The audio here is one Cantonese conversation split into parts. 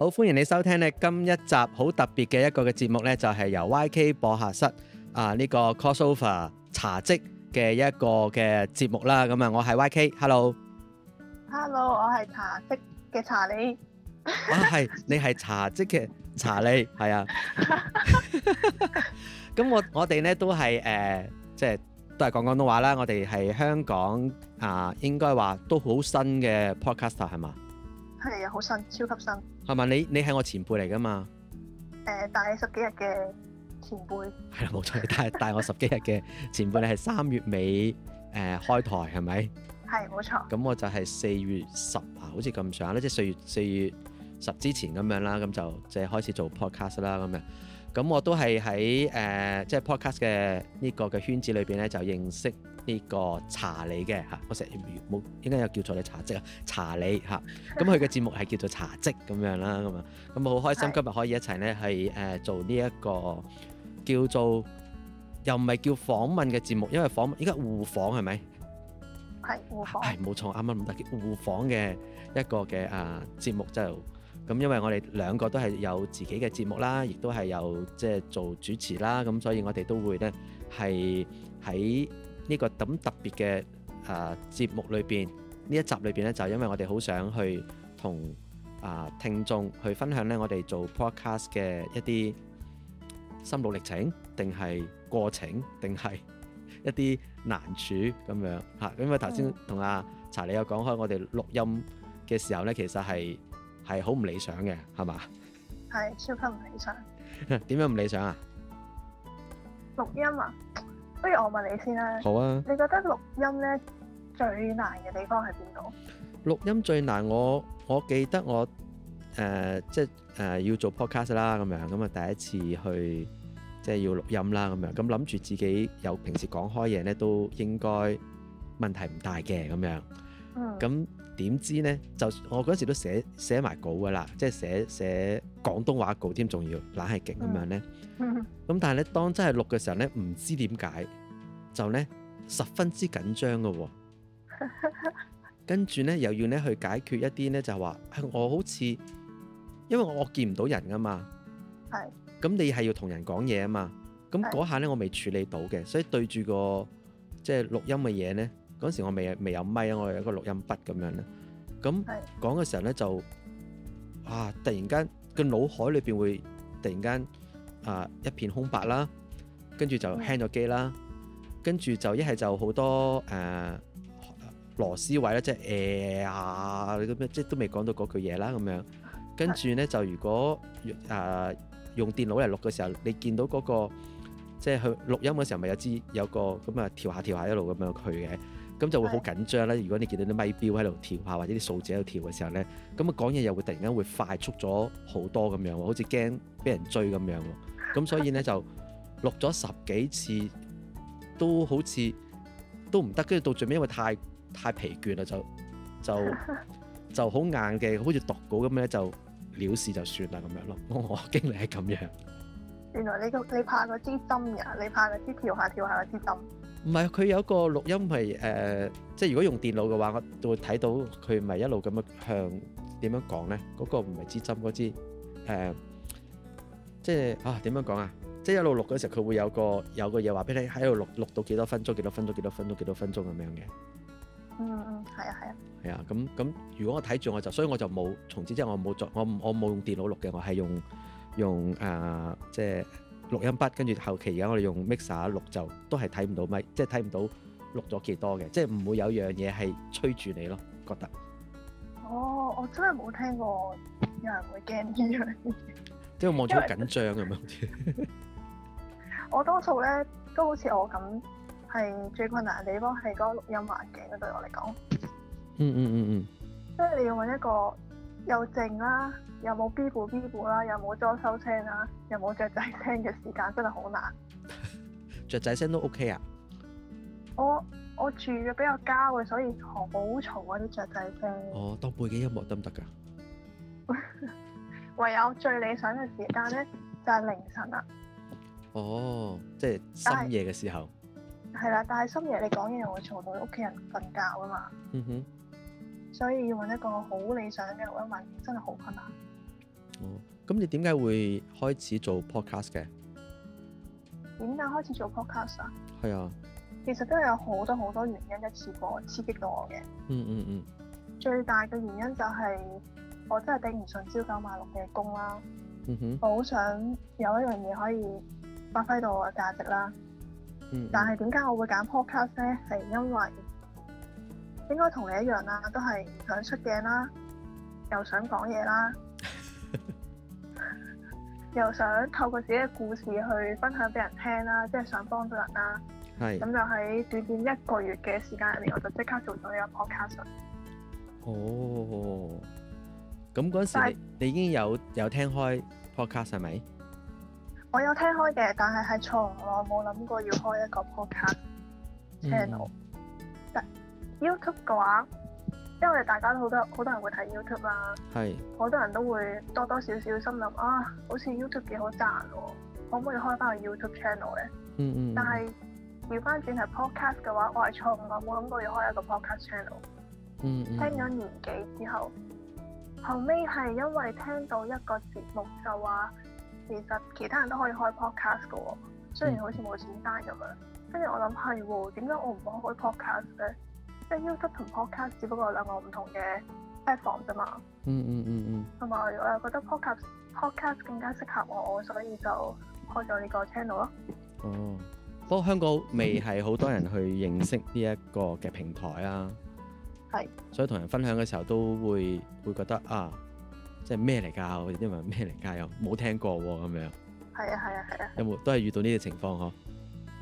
好歡迎你收聽咧，今一集好特別嘅一個嘅節目咧，就係、是、由 YK 播客室啊呢、這個 Crossover r s 茶跡嘅一個嘅節目啦。咁啊，啊，我係 YK，Hello，Hello，我係茶跡嘅茶李，係、 啊、你係茶跡嘅茶李，係啊。咁 我我哋咧都係誒、呃，即係都係講廣東話啦。我哋係香港啊、呃，應該話都好新嘅 podcaster 係嘛？係啊，好新，超級新。係咪？你你係我前輩嚟噶嘛？誒、呃，大十幾日嘅前輩。係啦，冇錯，大大我十幾日嘅前輩， 你係三月尾誒、呃、開台係咪？係，冇錯。咁我就係四月十啊，好似咁上下啦，即係四月四月十之前咁樣啦，咁就即就開始做 podcast 啦咁樣。咁我都係喺誒，即、呃、係、就是、podcast 嘅呢個嘅圈子裏邊咧，就認識。呢個查理嘅嚇，我成日冇應該有叫錯你查職啊，查理嚇。咁佢嘅節目係叫做查職咁樣啦，咁、嗯、啊，咁啊好開心是今日可以一齊咧係誒做呢、這、一個叫做又唔係叫訪問嘅節目，因為訪問依家互訪係咪？係互訪。係冇錯，啱啱咁特別互訪嘅一個嘅啊節目就咁、是嗯，因為我哋兩個都係有自己嘅節目啦，亦都係有即係、呃、做主持啦，咁、嗯、所以我哋都會咧係喺。呢個咁特別嘅誒節目裏邊，呢一集裏邊咧，就因為我哋好想去同啊聽眾去分享咧，我哋做 podcast 嘅一啲心路歷程，定係過程，定係一啲難處咁樣吓。因為頭先同阿查理有講開，我哋錄音嘅時候咧，其實係係好唔理想嘅，係嘛？係，超級唔理想。點樣唔理想啊？錄音啊？不如我問你先啦。好啊。你覺得錄音咧最難嘅地方係邊度？錄音最難，我我記得我誒、呃、即誒、呃、要做 Podcast 啦，咁樣咁啊第一次去即係要錄音啦，咁樣咁諗住自己有平時講開嘢咧，都應該問題唔大嘅咁樣。嗯。咁點知咧？就我嗰時都寫寫埋稿噶啦，即係寫寫，寫廣東話稿添，仲要懶係勁咁樣咧。嗯，咁但係咧，當真係錄嘅時候咧，唔知點解就咧十分之緊張㗎喎。跟住咧，又要咧去解決一啲咧，就係話係我好似，因為我見唔到人啊嘛。係。咁你係要同人講嘢啊嘛？咁嗰下咧，我未處理到嘅，所以對住個即係錄音嘅嘢咧，嗰時我未未有咪啊，我有一個錄音筆咁樣咧。咁講嘅時候咧，就啊，突然間個腦海裏邊會突然間。啊！一片空白啦，跟住就輕咗機啦，嗯、跟住就一係就好多誒、呃、螺絲位、呃啊、啦，即係誒啊，你咁樣即係都未講到嗰句嘢啦，咁樣跟住咧就如果誒、呃、用電腦嚟錄嘅時候，你見到嗰、嗰個即係去錄音嘅時候，咪有支有個咁啊調下調下一路咁樣去嘅，咁就會好緊張啦。如果你見到啲咪錶喺度調下，或者啲數字喺度調嘅時候咧，咁啊講嘢又會突然間會快速咗好多咁樣，好似驚俾人追咁樣。咁 所以咧就錄咗十幾次，都好似都唔得，跟住到最尾因為太太疲倦啦，就就就好硬嘅，好似讀稿咁樣咧就了事就算啦咁樣咯。我、哦、經歷係咁樣。原來你個你怕嗰支針呀？你怕嗰支，、啊、支跳下跳下嘅支針？唔係，佢有個錄音係誒、呃，即係如果用電腦嘅話，我會睇到佢唔係一路咁樣向點樣講咧？嗰、嗰個唔係支針嗰支誒。呃即係啊，點樣講啊？即係一路錄嗰時候，佢會有個有個嘢話俾你喺度錄錄到幾多分鐘、幾多分鐘、幾多分鐘、幾多分鐘咁樣嘅。嗯嗯，係啊係啊。係啊，咁咁，如果我睇住我就，所以我就冇從此之後我冇作我我冇用電腦錄嘅，我係用用誒、呃、即係錄音筆，跟住後期而家我哋用 mixer 錄就都係睇唔到咪，即係睇唔到錄咗幾多嘅，即係唔會有樣嘢係催住你咯，覺得。哦，我真係冇聽過有人會驚呢樣嘢。即係望住好緊張咁樣，我多數呢都好似我咁，係最困難嘅地方係嗰個錄音環境對我嚟講。嗯。嗯嗯嗯嗯。即係你要搵一個又靜啦，又冇 BB BB 啦，又冇裝修聲啦，又冇雀仔聲嘅時間，真係好難。 雀仔聲都 OK 啊？我我住嘅比較郊嘅，所以好嘈啊啲雀仔聲。哦，當背景音樂得唔得㗎？ 唯有最理想嘅時間咧，就係、是、凌晨啦。哦，即係深夜嘅時候。係啦，但係深夜你講嘢又會嘈到屋企人瞓覺啊嘛。嗯哼。所以要揾一個好理想嘅錄音環境，真係好困難。哦，咁你點解會開始做 podcast 嘅？點解開始做 podcast 啊？係啊、嗯哼。其實都係有好多好多原因一次過刺激到我嘅。嗯嗯嗯。最大嘅原因就係、是。我真係頂唔順朝九晚六嘅工啦，mm hmm. 我好想有一樣嘢可以發揮到我嘅價值啦。Mm hmm. 但係點解我會揀 podcast 咧？係因為應該同你一樣啦，都係唔想出鏡啦，又想講嘢啦， 又想透過自己嘅故事去分享俾人聽啦，即係想幫到人啦。係。咁就喺短短一個月嘅時間入面，我就即刻做咗呢個 podcast。哦。Oh. 咁嗰時你，是你已經有有聽開 podcast 係咪？我有聽開嘅，但係係從來，我冇諗過要開一個 podcast channel。嗯、YouTube 嘅話，因為大家都好多好多人會睇 YouTube 啦，好是多人都會多多少少心諗啊，好似 YouTube 幾好賺喎，可唔可以開翻個 YouTube channel 咧、嗯？嗯嗯。但係調翻轉係 podcast 嘅話，我係從來，我冇諗過要開一個 podcast channel。嗯，嗯，嗯聽咗年幾之後？後尾係因為聽到一個節目就話，其實其他人都可以開 podcast 㗎喎。哦，嗯、雖然好似冇錢賺咁樣。跟住我諗係喎，點解我唔可以開 podcast 咧？即係 YouTube 同 podcast 只不過兩個唔同嘅 platform 啫嘛。嗯嗯嗯嗯。同、嗯、埋、嗯嗯、我又覺得 podcast podcast 更加適合我，所以就開咗呢個 channel 咯。哦，不過香港未係好多人去認識呢一個嘅平台啊。係，是所以同人分享嘅時候都會會覺得啊，即係咩嚟㗎？因為咩嚟㗎？又冇聽過喎，咁樣係啊，係啊，係啊，啊有冇都係遇到呢啲情況嗬，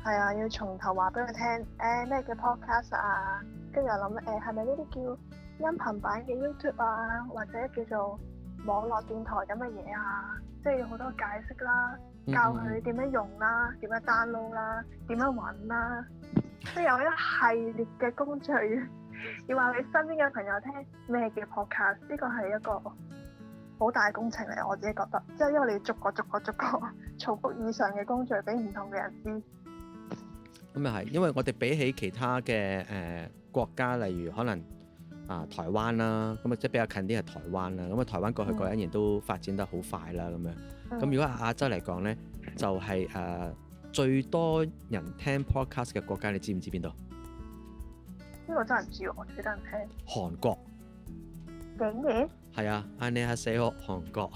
係啊，要從頭話俾佢聽，誒、欸、咩叫 podcast 啊？跟住又諗誒係咪呢啲叫音頻版嘅 YouTube 啊，或者叫做網絡電台咁嘅嘢啊？即係有好多解釋啦，教佢點樣用啦，點樣 download 啦，點樣揾啦，即都、嗯嗯、有一系列嘅工具。 要話你身邊嘅朋友聽咩嘅 podcast，呢個係一個好大工程嚟。我自己覺得，即係因為你要逐個逐個逐個重複以上嘅工序俾唔同嘅人知。咁又係，嗯、因為我哋比起其他嘅誒、呃、國家，例如可能啊、呃、台灣啦，咁、呃、啊即係比較近啲係台灣啦，咁、呃、啊台灣過去嗰一年都發展得好快啦，咁、嗯、樣。咁、呃嗯、如果亞洲嚟講咧，就係、是、誒、呃、最多人聽 podcast 嘅國家，你知唔知邊度？呢個真係唔知喎，我最得人聽。韓國竟然係啊，你係死學韓國？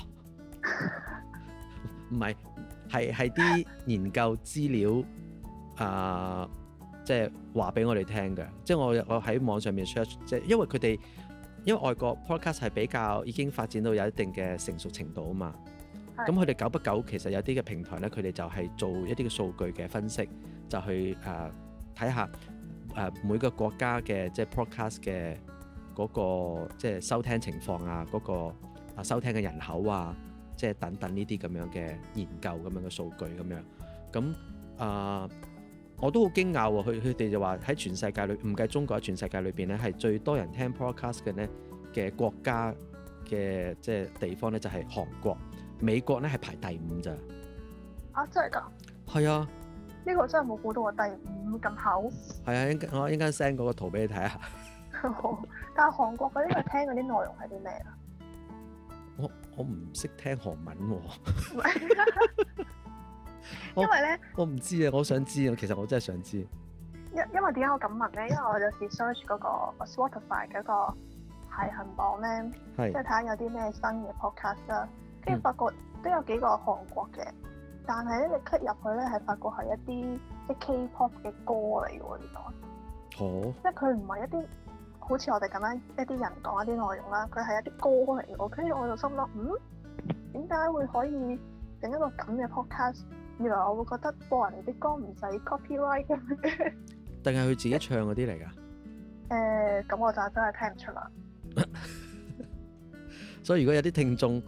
唔係係係啲研究資料啊、呃，即係話俾我哋聽嘅。即係我我喺網上面 search，即係因為佢哋因為外國 podcast 係比較已經發展到有一定嘅成熟程度啊嘛。咁佢哋久不久其實有啲嘅平台咧，佢哋就係做一啲嘅數據嘅分析，就去誒睇、呃、下。誒每個國家嘅即係 podcast 嘅嗰，那個即係收聽情況啊，嗰，那個啊收聽嘅人口啊，即係等等呢啲咁樣嘅研究咁樣嘅數據咁樣，咁啊、呃、我都好驚訝喎，佢佢哋就話喺全世界裏唔計中國，喺全世界裏邊咧，係最多人聽 podcast 嘅咧嘅國家嘅即係地方咧就係、係、韓國、美國咧係排第五咋，啊真係㗎，係啊。呢個真係冇估到啊！第五咁厚。係啊，我陣間 send 嗰個圖俾你睇下。 哦、但係韓國嗰啲係聽嗰啲內容係啲咩啊？我我唔識聽韓文喎、哦。 因為咧呢，我唔知啊！我想知啊！其實我真係想知。因 因為點解我咁問咧？因為我有 search 嗰個 Spotify 嗰 個排、那個、行榜咧，即係睇下有啲咩新嘅 podcast 啦，跟住發覺都有幾個韓國嘅。嗯。但係咧，你 cut 入去咧係發覺係一啲即 K-pop 嘅歌嚟㗎喎，原來，即係佢唔係一啲好似我哋咁樣一啲人講一啲內容啦，佢係一啲歌嚟㗎。跟住我就心諗，嗯，點解會可以整一個咁嘅 podcast？原來我會覺得播人哋啲歌唔使 copyright 咁樣嘅 定係佢自己唱嗰啲嚟㗎？誒 呃，咁我就真係聽唔出啦。 所以如果有啲聽眾，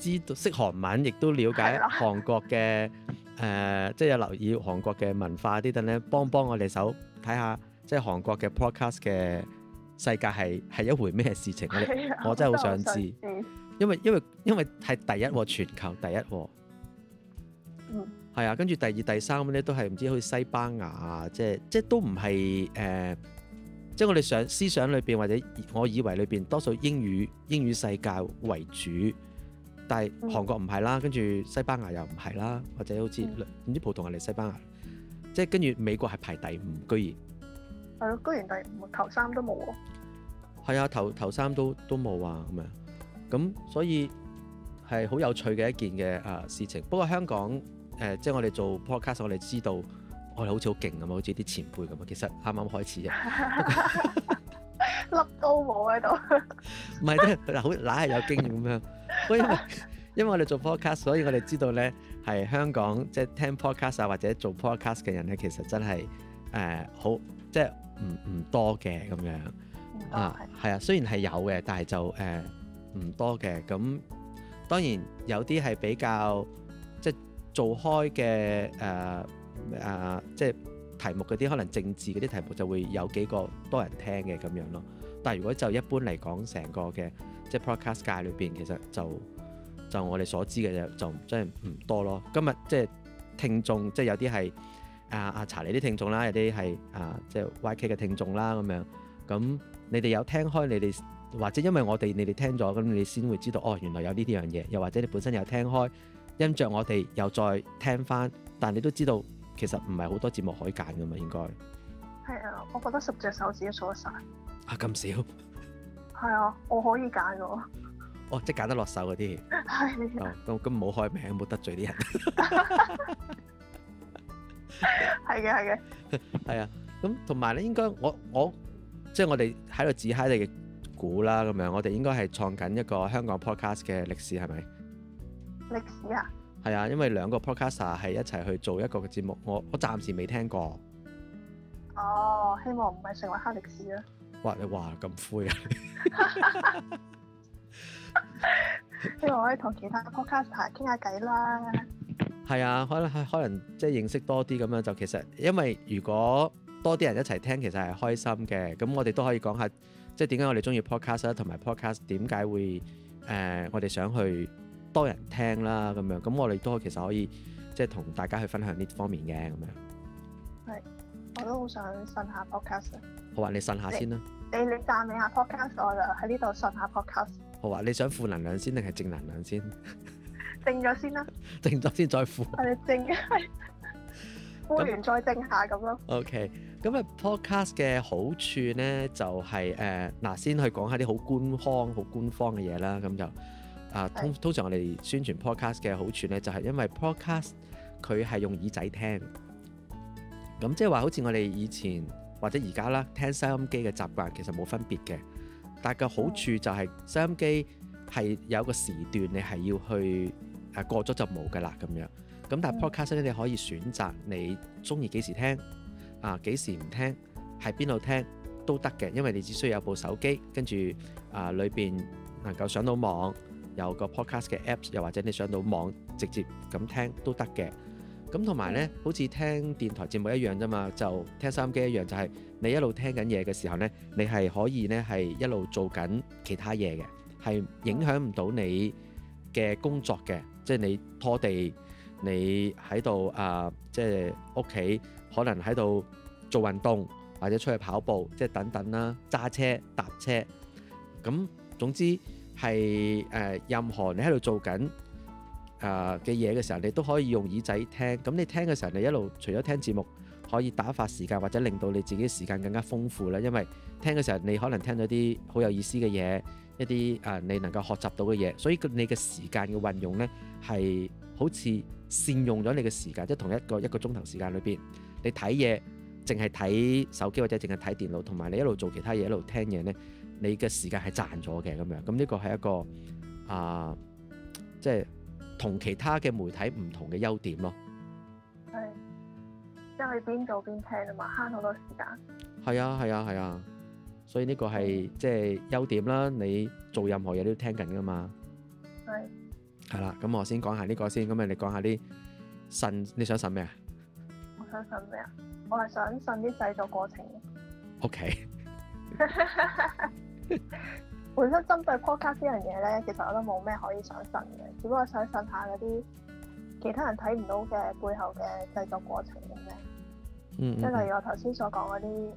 知道識韓文，亦都了解韓國嘅，誒、 呃，即係有留意韓國嘅文化啲等咧，幫幫我哋手睇下，即係韓國嘅 Podcast 嘅世界係係一回咩事情咧？ 我真係好想知 因，因為因為因為係第一喎，全球第一喎，係啊、嗯，跟住第二、第三咧都係唔知去西班牙啊，即係即係都唔係誒，即係、呃、我哋想思想裏邊或者我以為裏邊多數英語英語世界為主。嗯但係韓國唔係啦，跟住西班牙又唔係啦，或者好似唔知葡萄牙嚟西班牙，即係跟住美國係排第五，居然係咯，居然第五，頭三都冇喎。係啊，頭頭三都都冇啊，咁樣咁所以係好有趣嘅一件嘅啊事情。不過香港誒、呃，即係我哋做 Podcast，我哋知道我哋好似好勁咁啊，好似啲前輩咁啊，其實啱啱開始啫。 粒高冇喺度，唔係咧嗱，好嗱係有經驗咁樣。 因為我哋做 podcast，所以我哋知道咧，係香港即係聽 podcast 啊，或者做 podcast 嘅人咧，其實真係誒、呃、好即係唔唔多嘅咁樣、嗯、啊，係啊，雖然係有嘅，但係就誒唔、呃、多嘅。咁當然有啲係比較即係做開嘅誒誒，即係題目嗰啲可能政治嗰啲題目就會有幾個多人聽嘅咁樣咯。但係如果就一般嚟講，成個嘅。即係 podcast 界裏邊，其實就就我哋所知嘅嘢，就真係唔多咯。今日即係聽眾，即係有啲係啊啊查理啲聽眾啦，有啲係啊即係 YK 嘅聽眾啦咁樣。咁你哋有聽開？你哋或者因為我哋你哋聽咗，咁你先會知道哦，原來有呢啲樣嘢。又或者你本身有聽開因著我，我哋又再聽翻。但你都知道，其實唔係好多節目可以揀㗎嘛，應該。係啊，我覺得十隻手指都數得曬。啊咁少！係啊，我可以揀嘅。哦，即揀得落手嗰啲。都咁冇開名，冇得罪啲人。係嘅，係嘅。係啊，咁同埋咧，應該我我即係我哋喺度指喺你嘅估啦，咁樣我哋應該係創緊一個香港 podcast 嘅歷史，係咪？歷史啊！係啊，因為兩個 podcaster 係一齊去做一個嘅節目，我我暫時未聽過。哦，希望唔係成為黑歷史啊！哇！你話咁灰，啊，希望 可以同其他 podcaster 傾下偈啦。係啊，可能可能即係認識多啲咁樣就其實，因為如果多啲人一齊聽，其實係開心嘅。咁我哋都可以講下，即係點解我哋中意 podcast 同埋 podcast 點解會誒，呃、我哋想去多人聽啦咁樣。咁我哋都其實可以即係同大家去分享呢方面嘅咁樣。係，我都好想信下 podcast。好啊，你信下先啦。你你讚美下 podcast 我就喺呢度信下 podcast。好啊，你想負能量先定係正能量先？正咗先啦。正咗 先再負。係正嘅，好 完再正下咁咯。OK，咁啊 podcast 嘅好處咧就係誒嗱，先去講下啲好官方好官方嘅嘢啦。咁就是啊通通常我哋宣傳 podcast 嘅好處咧就係、是、因為 podcast 佢係用耳仔聽，咁即係話好似我哋以前。或者而家啦，聽收音機嘅習慣其實冇分別嘅，但個好處就係，收音機係有個時段，你係要去啊，過咗就冇㗎啦咁樣。咁但 podcast 咧你可以選擇你中意幾時聽啊幾時唔聽，喺邊度聽都得嘅，因為你只需要有部手機，跟住啊裏邊能夠上到網，有個 podcast 嘅 apps，又或者你上到網直接咁聽都得嘅。咁同埋咧，好似聽電台節目一樣啫嘛，就聽收音機一樣，就係、是、你一路聽緊嘢嘅時候咧，你係可以咧係一路做緊其他嘢嘅，係影響唔到你嘅工作嘅，即係你拖地，你喺度啊，即係屋企可能喺度做運動或者出去跑步，即係等等啦，揸車搭車，咁總之係誒、呃、任何你喺度做緊。誒嘅嘢嘅時候，你都可以用耳仔聽。咁你聽嘅時候，你一路除咗聽節目，可以打發時間或者令到你自己時間更加豐富啦。因為聽嘅時候，你可能聽到啲好有意思嘅嘢，一啲誒、呃、你能夠學習到嘅嘢。所以你嘅時間嘅運用呢，係好似善用咗你嘅時間，即同一個一個鐘頭時，時間裏邊，你睇嘢，淨係睇手機或者淨係睇電腦，同埋你一路做其他嘢一路聽嘢呢，你嘅時間係賺咗嘅咁樣。咁呢個係一個啊、呃，即係。同其他嘅媒體唔同嘅優點咯，係，即係去邊做邊聽啊嘛，慳好多時間。係啊係啊係啊，所以呢個係即係優點啦。你做任何嘢都聽緊㗎嘛，係。係啦，咁我先講下呢個先。咁咪你講下啲信，你想信咩啊？我想信咩啊？我係想信啲製作過程。OK。本身針對 Podcast 呢樣嘢咧，其實我都冇咩可以上信嘅，只不過上信下嗰啲其他人睇唔到嘅背後嘅製作過程咁樣，嗯。嗯。即係、嗯、例如我頭先所講嗰啲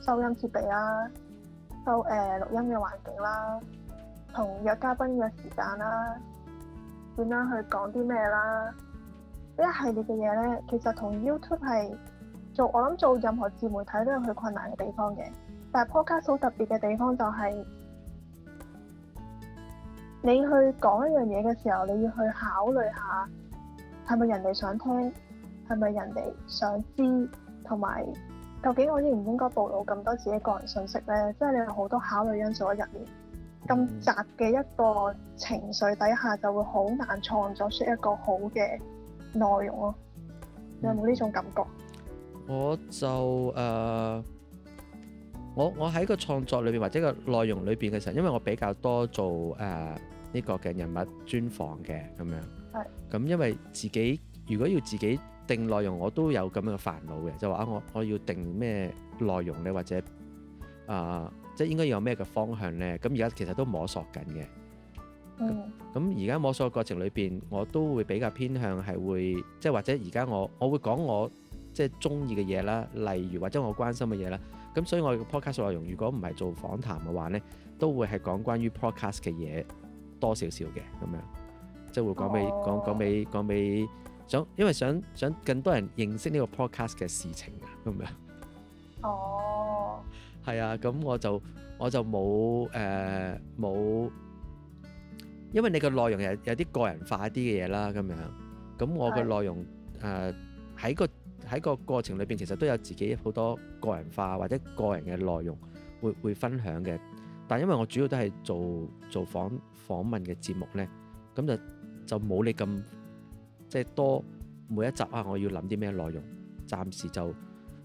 誒收音設備啦、收誒錄、呃、音嘅環境啦、同約嘉賓嘅時間啦、點樣去講啲咩啦，呢一系列嘅嘢咧，其實同 YouTube 係，做我諗做任何自媒體都有佢困難嘅地方嘅。但係 Podcast 好特別嘅地方就係、是，你去講一樣嘢嘅時候，你要去考慮下，係咪人哋想聽，係咪人哋想知，同埋究竟我應唔應該暴露咁多自己個人信息咧？即係你有好多考慮因素喺入面，咁雜嘅一個情緒底下，就會好難創造出一個好嘅內容咯。你有冇呢種感覺？我就誒。Uh 我我喺個創作裏邊或者個內容裏邊嘅時候，因為我比較多做誒呢、呃這個嘅人物專訪嘅咁樣，係咁、嗯、因為自己如果要自己定內容，我都有咁樣嘅煩惱嘅，就話我我要定咩內容咧，或者啊、呃、即係應該要有咩嘅方向咧？咁而家其實都摸索緊嘅，嗯，咁而家摸索嘅過程裏邊，我都會比較偏向係會即係或者而家我我會講我即係中意嘅嘢啦，例如或者我關心嘅嘢啦。咁所以我嘅 podcast 內容，如果唔係做訪談嘅話咧，都會係講關於 podcast 嘅嘢多少少嘅，咁樣，即係會講俾講講俾講俾想，因為想想更多人認識呢個 podcast 嘅事情啊，咁樣。哦。係啊，咁我就我就冇誒冇，因為你個內容有有啲個人化啲嘅嘢啦，咁樣。咁我嘅內容誒喺個喺個過程裏邊，其實都有自己好多個人化或者個人嘅內容會會分享嘅。但因為我主要都係做做訪訪問嘅節目呢，咁就就冇你咁即係多每一集啊，我要諗啲咩內容？暫時就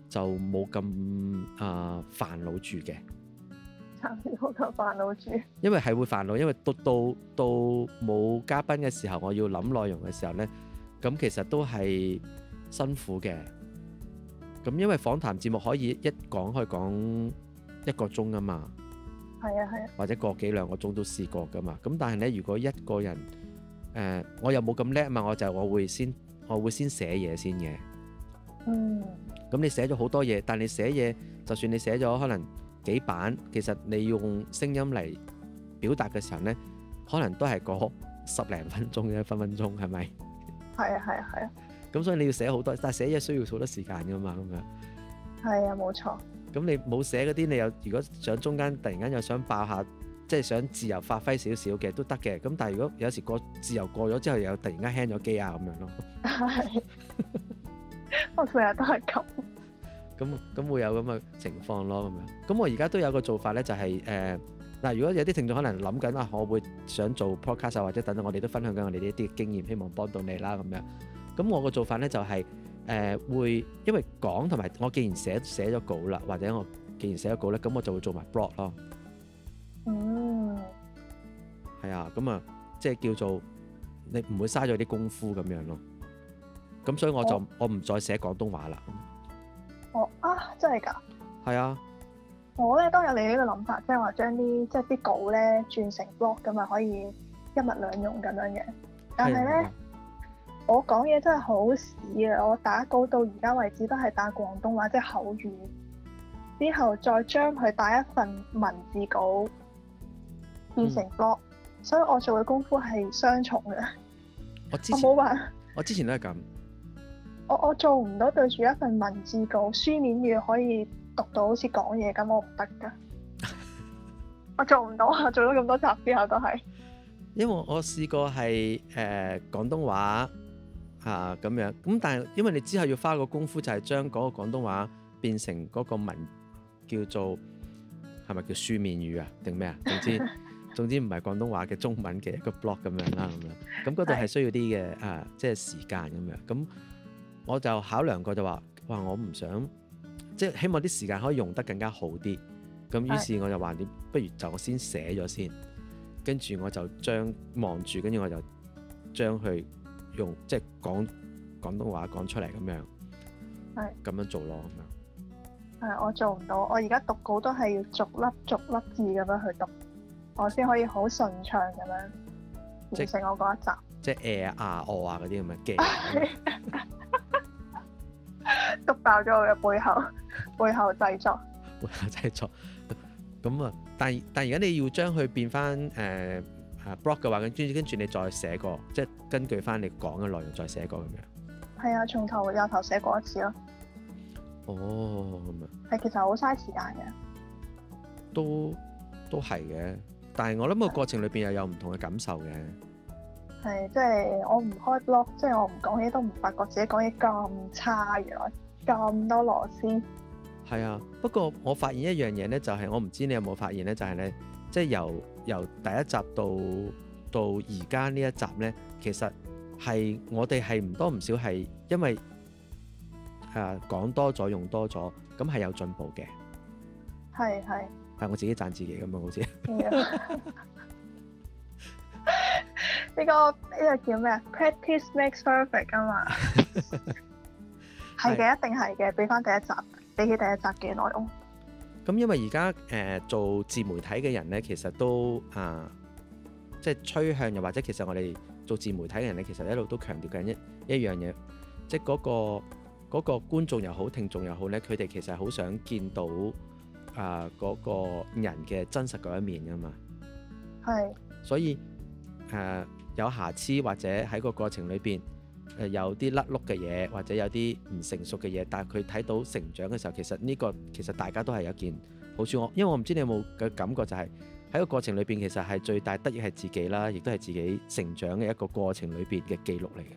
就冇咁啊煩惱住嘅。暫時冇咁煩惱住。因為係會煩惱，因為到到到冇嘉賓嘅時候，我要諗內容嘅時候呢，咁其實都係辛苦嘅。咁因為訪談節目可以一講可以講一個鐘㗎嘛，係啊係啊，或者個幾兩個鐘都試過噶嘛。咁但係咧，如果一個人誒，我又冇咁叻啊嘛，我就我會先我會先寫嘢先嘅。嗯。咁你寫咗好多嘢，但係你寫嘢，就算你寫咗可能幾版，其實你用聲音嚟表達嘅時候咧，可能都係嗰十零分鐘嘅分分鐘係咪？係啊係啊係啊。咁、嗯、所以你要寫好多，但係寫嘢需要好多時間㗎嘛，咁樣係啊，冇錯。咁、嗯、你冇寫嗰啲，你有如果想中間突然間又想爆下，即係想自由發揮少少嘅都得嘅。咁但係如果有時過自由過咗之後，又突然間輕咗機啊，咁樣咯。啊、我成日都係咁。咁咁會有咁嘅情況咯，咁樣。咁我而家都有個做法咧，就係誒嗱，如果有啲聽眾可能諗緊啊，我會想做 podcast，或者等等，我哋都分享緊我哋呢一啲經驗，希望幫到你啦，咁、啊、樣。嗯咁我個做法咧就係誒會，因為講同埋我既然寫寫咗稿啦，或者我既然寫咗稿咧，咁我就會做埋 blog 咯。嗯，係啊，咁啊，即係叫做你唔會嘥咗啲功夫咁樣咯。咁所以我就我唔再寫廣東話啦。我啊，真係㗎？係啊。我咧都有你呢個諗法，即係話將啲即係啲稿咧轉成 blog 咁啊，可以一物兩用咁樣嘅。但係咧。我講嘢真係好屎啊！我打稿到而家為止都係打廣東話，即係口語，之後再將佢打一份文字稿變成 blog，嗯、所以我做嘅功夫係雙重嘅。我冇話，我之前都係咁。我我做唔到對住一份文字稿，書面語可以讀到好似講嘢咁，我唔得㗎。我做唔到啊！做咗咁多集之後都係。因為我試過係誒、呃、廣東話。啊，咁樣，咁但係因為你之後要花個功夫，就係將嗰個廣東話變成嗰個文，叫做係咪叫書面語啊？定咩啊？總之 總之唔係廣東話嘅中文嘅一個 blog 咁樣啦，咁、啊、樣咁嗰度係需要啲嘅是啊，即係時間咁樣。咁我就考量過就話，哇！我唔想即係，希望啲時間可以用得更加好啲。咁於是我就話，是你不如就我先寫咗先，跟住我就將望住，跟住我就將佢。用即係講廣東話講出嚟咁樣，咁是樣做咯。係我做唔到，我而家讀稿都係要逐粒逐粒字咁樣去讀，我先可以好順暢咁樣完成我嗰一集。即係誒、呃、啊我啊嗰啲咁嘅機，呃、 讀爆咗我嘅背後背後製作背後製作。咁啊， 但但而家你要將佢變翻誒？呃啊，blog 嘅話，跟住跟住你再寫過，即係根據翻你講嘅內容再寫過咁樣。係啊，從頭由頭寫過一次咯。哦，咁啊。係，其實好嘥時間嘅。都都係嘅，但係我諗個過程裏邊又有唔同嘅感受嘅。係，即係我唔開 blog，即係我唔講嘢都唔發覺自己講嘢咁差，原來咁多螺絲。係啊，不過我發現一樣嘢咧、就是，就係我唔知你有冇發現咧，就係咧即係由。由第一集到到而家呢一集咧，其實係我哋係唔多唔少係因為誒、啊、講多咗、用多咗，咁係有進步嘅。係係係我自己讚自己㗎嘛，好似呢是的、 呢個呢個叫咩啊？Practice makes perfect 啊嘛，係嘅的，一定係嘅。比返第一集，比起第一集嘅內容。咁、嗯、因為而家誒做自媒體嘅人咧，其實都啊、呃，即係趨向又或者其實我哋做自媒體嘅人咧，其實一路都強調緊一一樣嘢，即係嗰、嗰個嗰、嗰個觀眾又好，聽眾又好咧，佢哋其實好想見到啊嗰、呃嗰個人嘅真實嗰一面噶嘛。係是。所以誒、呃，有瑕疵或者喺個過程裏邊。誒有啲甩碌嘅嘢，或者有啲唔成熟嘅嘢，但係佢睇到成長嘅時候，其實呢個其實大家都係一件好處。我因為我唔知你有冇嘅感覺，就係喺個過程裏邊，其實係最大得益係自己啦，亦都係自己成長嘅一個過程裏邊嘅記錄嚟嘅。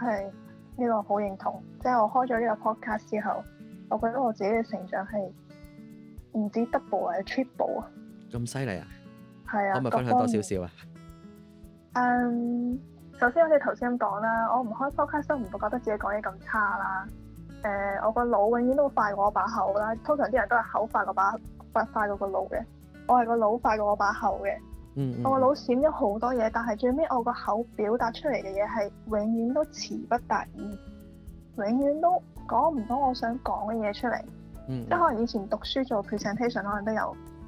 係呢個好認同。即係我開咗呢個 podcast 之後，我覺得我自己嘅成長係唔知 double 啊，triple 啊，咁犀利啊！係啊，可唔可以分享多少少啊？嗯。首先我哋頭先咁講啦，我唔開 podcast 唔會覺得自己講嘢咁差啦。誒、呃，我個腦永遠都快過我把口啦。通常啲人都係口快過把快過個腦嘅，我係個腦快過我把口嘅。嗯，嗯。我個腦閃咗好多嘢，但係最尾我個口表達出嚟嘅嘢係永遠都詞不達意，永遠都講唔到我想講嘅嘢出嚟。嗯，嗯。即係可能以前讀書做 presentation 可能都有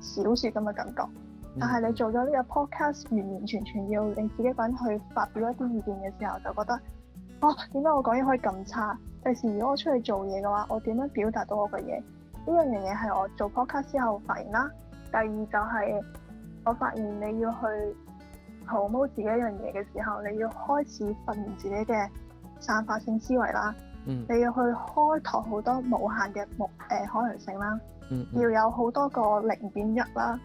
少少咁嘅感覺。但係你做咗呢個 podcast 完完全全要你自己一個人去發表一啲意見嘅時候，就覺得哦，點解我講嘢可以咁差？第時如果我出去做嘢嘅話，我點樣表達到我嘅嘢？呢樣嘢係我做 podcast 之後發現啦。第二就係我發現你要去 promote 自己一樣嘢嘅時候，你要開始訓練自己嘅散發性思維啦。嗯。你要去開拓好多無限嘅目、誒、可能性啦。嗯嗯、要有好多個零點一啦。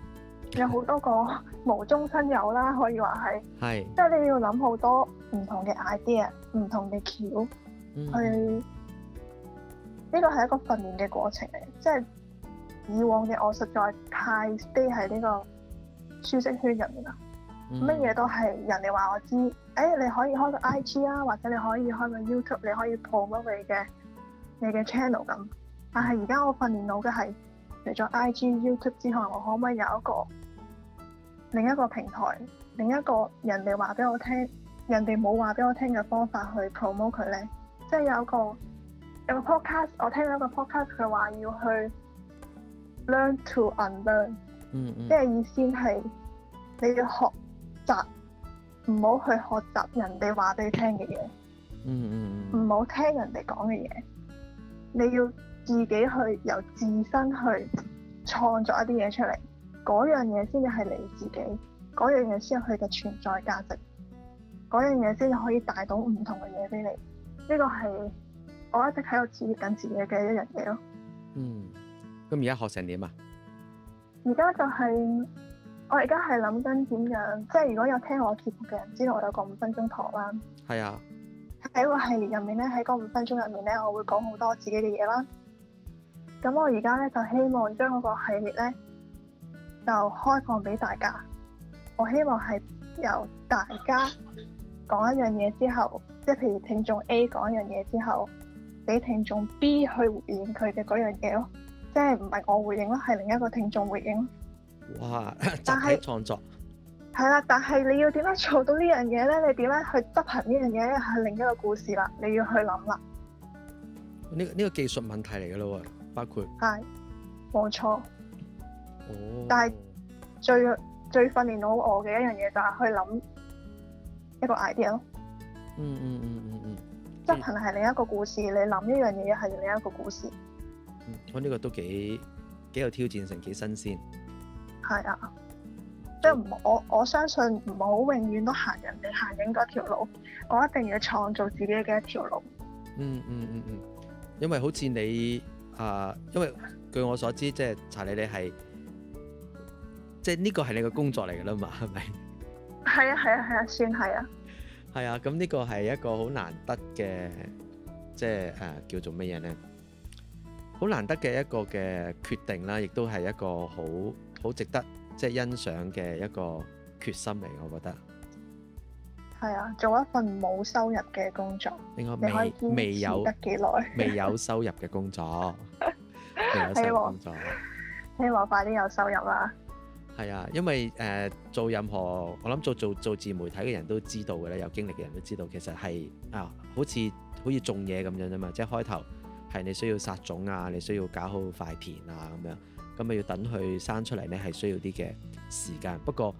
有好多個無中生有啦，可以話係，即係是你要諗好多唔同嘅 idea、唔同嘅橋去。呢個係一個訓練嘅過程嚟，即係以往嘅我實在太 stay 喺呢個舒適圈入面啦。乜嘢、嗯、都係人哋話我知，誒、欸、你可以開個 IG 啊，或者你可以開個 YouTube，你可以 po 咗你嘅你嘅 channel 咁。但係而家我訓練到嘅係。除咗 IG、YouTube 之外，我可唔可以有一個另一個平台、另一個人哋話俾我聽，人哋冇話俾我聽嘅方法去 promote 佢咧？即係有一個有 podcast，我聽到一個 podcast 佢話要去 learn to unlearn，即係、mm hmm. 意思係你要學習，唔好去學習人哋話俾你、mm hmm. 聽嘅嘢，唔好聽人哋講嘅嘢，你要。自己去由自身去創作一啲嘢出嚟，嗰樣嘢先至係你自己，嗰樣嘢先係佢嘅存在價值，嗰樣嘢先至可以帶到唔同嘅嘢俾你。呢個係我一直喺度刺激緊自己嘅一樣嘢咯。嗯，咁而家學成點啊？而家就係、是、我而家係諗緊點樣，即係如果有聽我節目嘅人知道，我有個五分鐘課啦。係啊，喺個系列入面咧，喺嗰五分鐘入面咧，我會講好多自己嘅嘢啦。咁我而家咧就希望將嗰個系列咧就開放俾大家。我希望係由大家講一樣嘢之後，即係譬如聽眾 A 講一樣嘢之後，俾聽眾 B 去回應佢嘅嗰樣嘢咯。即係唔係我回應咯，係另一個聽眾回應咯。哇！集體創作係啦，但係你要點樣做到呢樣嘢咧？你點樣去執行呢樣嘢咧？係另一個故事啦，你要去諗啦。呢個呢個技術問題嚟嘅咯喎。 包括係冇錯，但係最最訓練到我嘅一樣嘢就係去諗一個 idea 咯、嗯。嗯嗯嗯嗯嗯。執行係另一個故事，嗯、你諗一樣嘢係另一個故事。我呢個都幾幾有挑戰性，幾新鮮。係啊，即係我我相信唔好永遠都行人哋行緊嗰條路，我一定要創造自己嘅一條路。嗯嗯嗯嗯，嗯，嗯，因為好似你。啊，uh, 因為據我所知，即係查理你，你係即係呢個係你嘅工作嚟㗎嘛，係咪？係啊，係啊，係啊，算係啊。係 啊，咁呢個係一個好難得嘅，即係誒、啊、叫做乜嘢咧？好難得嘅一個嘅決定啦，亦都係一個好好值得即係欣賞嘅一個決心嚟，我覺得。係啊，做一份冇收入嘅工作，應該未未有得幾耐，未 有收入嘅工作， 希望希望快啲有收入啦。係啊，因為誒、呃、做任何我諗做做做自媒體嘅人都知道嘅咧，有經歷嘅人都知道，其實係啊，好似好似種嘢咁樣啫嘛，即係開頭係你需要撒種啊，你需要搞好塊田啊咁樣，咁咪要等佢生出嚟咧，係需要啲嘅時間。不過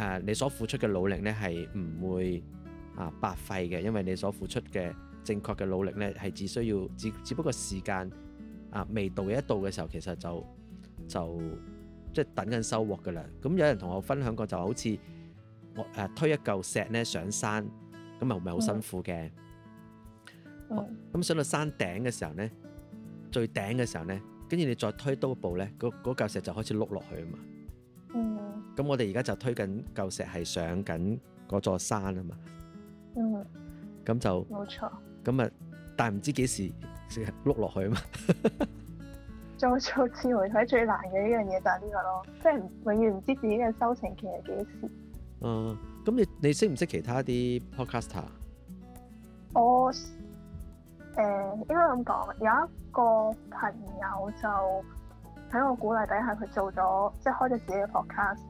誒、啊，你所付出嘅努力咧，係唔會啊白費嘅，因為你所付出嘅正確嘅努力咧，係只需要只只不過時間啊未到，一到嘅時候，其實就就即係、就是、等緊收穫㗎喇。咁有人同我分享過，就好似我誒、啊、推一嚿石咧上，上山，咁又唔係好辛苦嘅。咁、嗯啊、上到山頂嘅時候咧，最頂嘅時候咧，跟住你再推多步咧，嗰嚿石就開始碌落去啊嘛。嗯，咁我哋而家就推緊舊石係上緊嗰座山啊嘛，嗯，咁就冇錯，咁啊，但係唔知幾時碌落去啊嘛，做做自媒體最難嘅呢樣嘢就係呢個咯，即係永遠唔知自己嘅收成期係幾時。嗯，咁你你識唔識其他啲 podcaster？我誒，應該咁講，有一個朋友就。喺我鼓勵底下，佢做咗即係開咗自己嘅 podcast，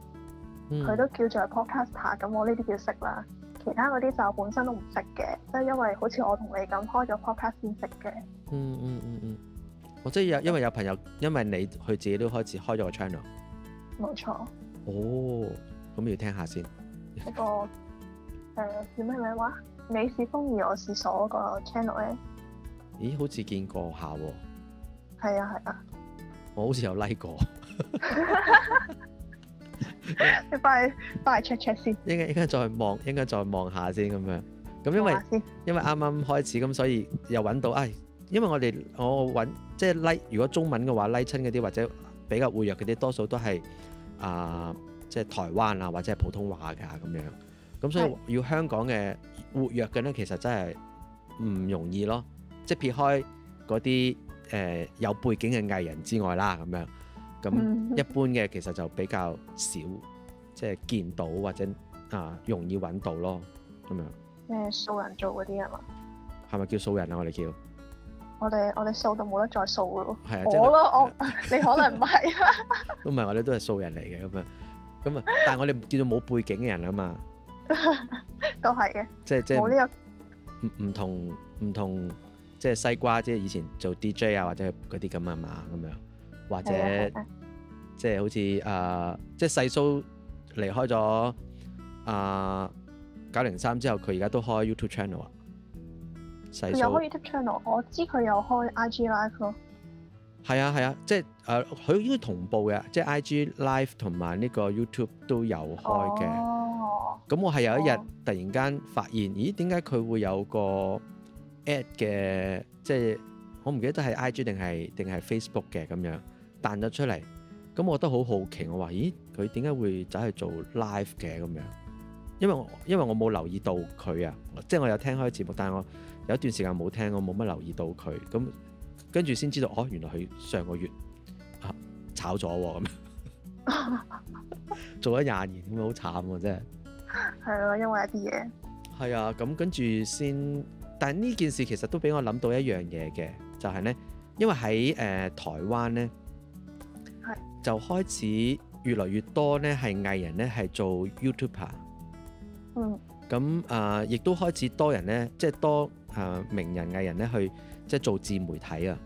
佢都叫做 podcaster。咁我呢啲叫識啦，其他嗰啲就本身都唔識嘅，即係因為好似我同你咁開咗 podcast 先識嘅、嗯。嗯嗯嗯嗯，我即係因為有朋友，因為你佢自己都開始開咗個 channel。冇錯。哦，咁要聽下先。嗰、嗰個誒叫咩名話？你是風兒，我是鎖個 channel 咧。咦？好似見過下。係啊！係啊！我好似有 like 過 你，你翻嚟翻嚟 check check 先。應該應該再望，應該再望下先咁樣。咁因為因為啱啱開始咁，所以又揾到。唉、哎，因為我哋我揾即係 like，如果中文嘅話 like 親嗰啲，或者比較活躍嗰啲，多數都係啊、呃，即係台灣啊，或者係普通話㗎咁樣。咁所以是要香港嘅活躍嘅咧，其實真係唔容易咯。即係撇開嗰啲。誒有背景嘅藝人之外啦，咁樣咁一般嘅其實就比較少，即係見到或者啊容易揾到咯，咁樣。咩素人做嗰啲啊嘛？係咪叫素人啊？我哋叫我哋我哋素到冇得再素咯。我咯我，你可能唔係。都唔係我哋都係素人嚟嘅咁樣，咁啊，但係我哋叫做冇背景嘅人啊嘛，都係嘅。即係即係冇呢個唔唔同唔同。即係西瓜，即係以前做 DJ 啊，或者嗰啲咁啊嘛，咁樣或者即係好似誒、呃，即係細蘇離開咗啊九零三之後，佢而家都開 YouTube channel 啊。細蘇又開 YouTube channel，我知佢又開 IG Live 咯。係啊係啊，即係誒，佢、呃、應該同步嘅，即係 IG Live 同埋呢個 YouTube 都有開嘅。哦，咁我係有一日突然間發現，哦、咦點解佢會有個？at 嘅即係我唔記得係 IG 定係定係 Facebook 嘅咁樣彈咗出嚟，咁我都好好奇，我話咦佢點解會走去做 live 嘅咁樣？因為我因為我冇留意到佢啊，即係我有聽開節目，但係我有一段時間冇聽，我冇乜留意到佢咁，跟住先知道哦，原來佢上個月啊炒咗喎，咁 做咗廿年咁，好慘喎，真係係咯，因為一啲嘢係啊，咁跟住先。 但係呢件事其實都俾我諗到一樣嘢嘅，就係、是、呢：因為喺誒、呃、台灣呢，是就開始越來越多呢係藝人呢係做 YouTuber，咁啊、嗯呃、亦都開始多人呢，即係多啊、呃、名人藝人呢去即係做自媒體啊，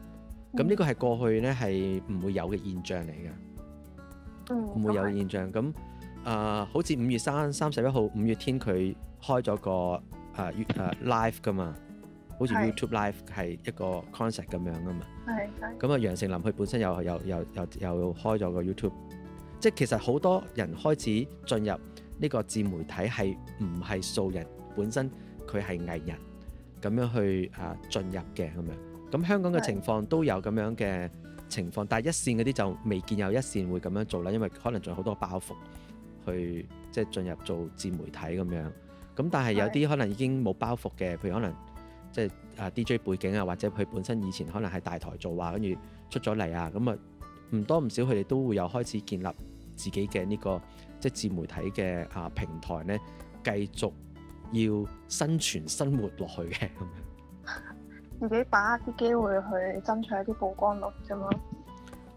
咁呢個係過去呢係唔會有嘅現象嚟嘅，唔、嗯、會有嘅現象。咁啊、呃，好似五月三三十一號，五月天佢開咗個啊月、呃呃呃呃呃、live 㗎嘛。好似 YouTube Live 係是一個 concept 咁樣啊嘛，係咁啊。楊丞琳佢本身又又又又又開咗個 YouTube，即係其實好多人開始進入呢個自媒體係唔係素人，本身佢係藝人咁樣去啊進入嘅咁樣，咁香港嘅情況都有咁樣嘅情況，是但係一線嗰啲就未見有一線會咁樣做啦，因為可能仲有好多包袱去即係進入做自媒體咁樣，咁但係有啲可能已經冇包袱嘅，譬如可能。即係啊 DJ 背景啊，或者佢本身以前可能係大台做啊，跟住出咗嚟啊，咁啊唔多唔少佢哋都會有開始建立自己嘅呢、這個即係自媒體嘅啊平台咧，繼續要生存生活落去嘅。 自己把握啲機會去爭取一啲曝光率啫，啊、嘛。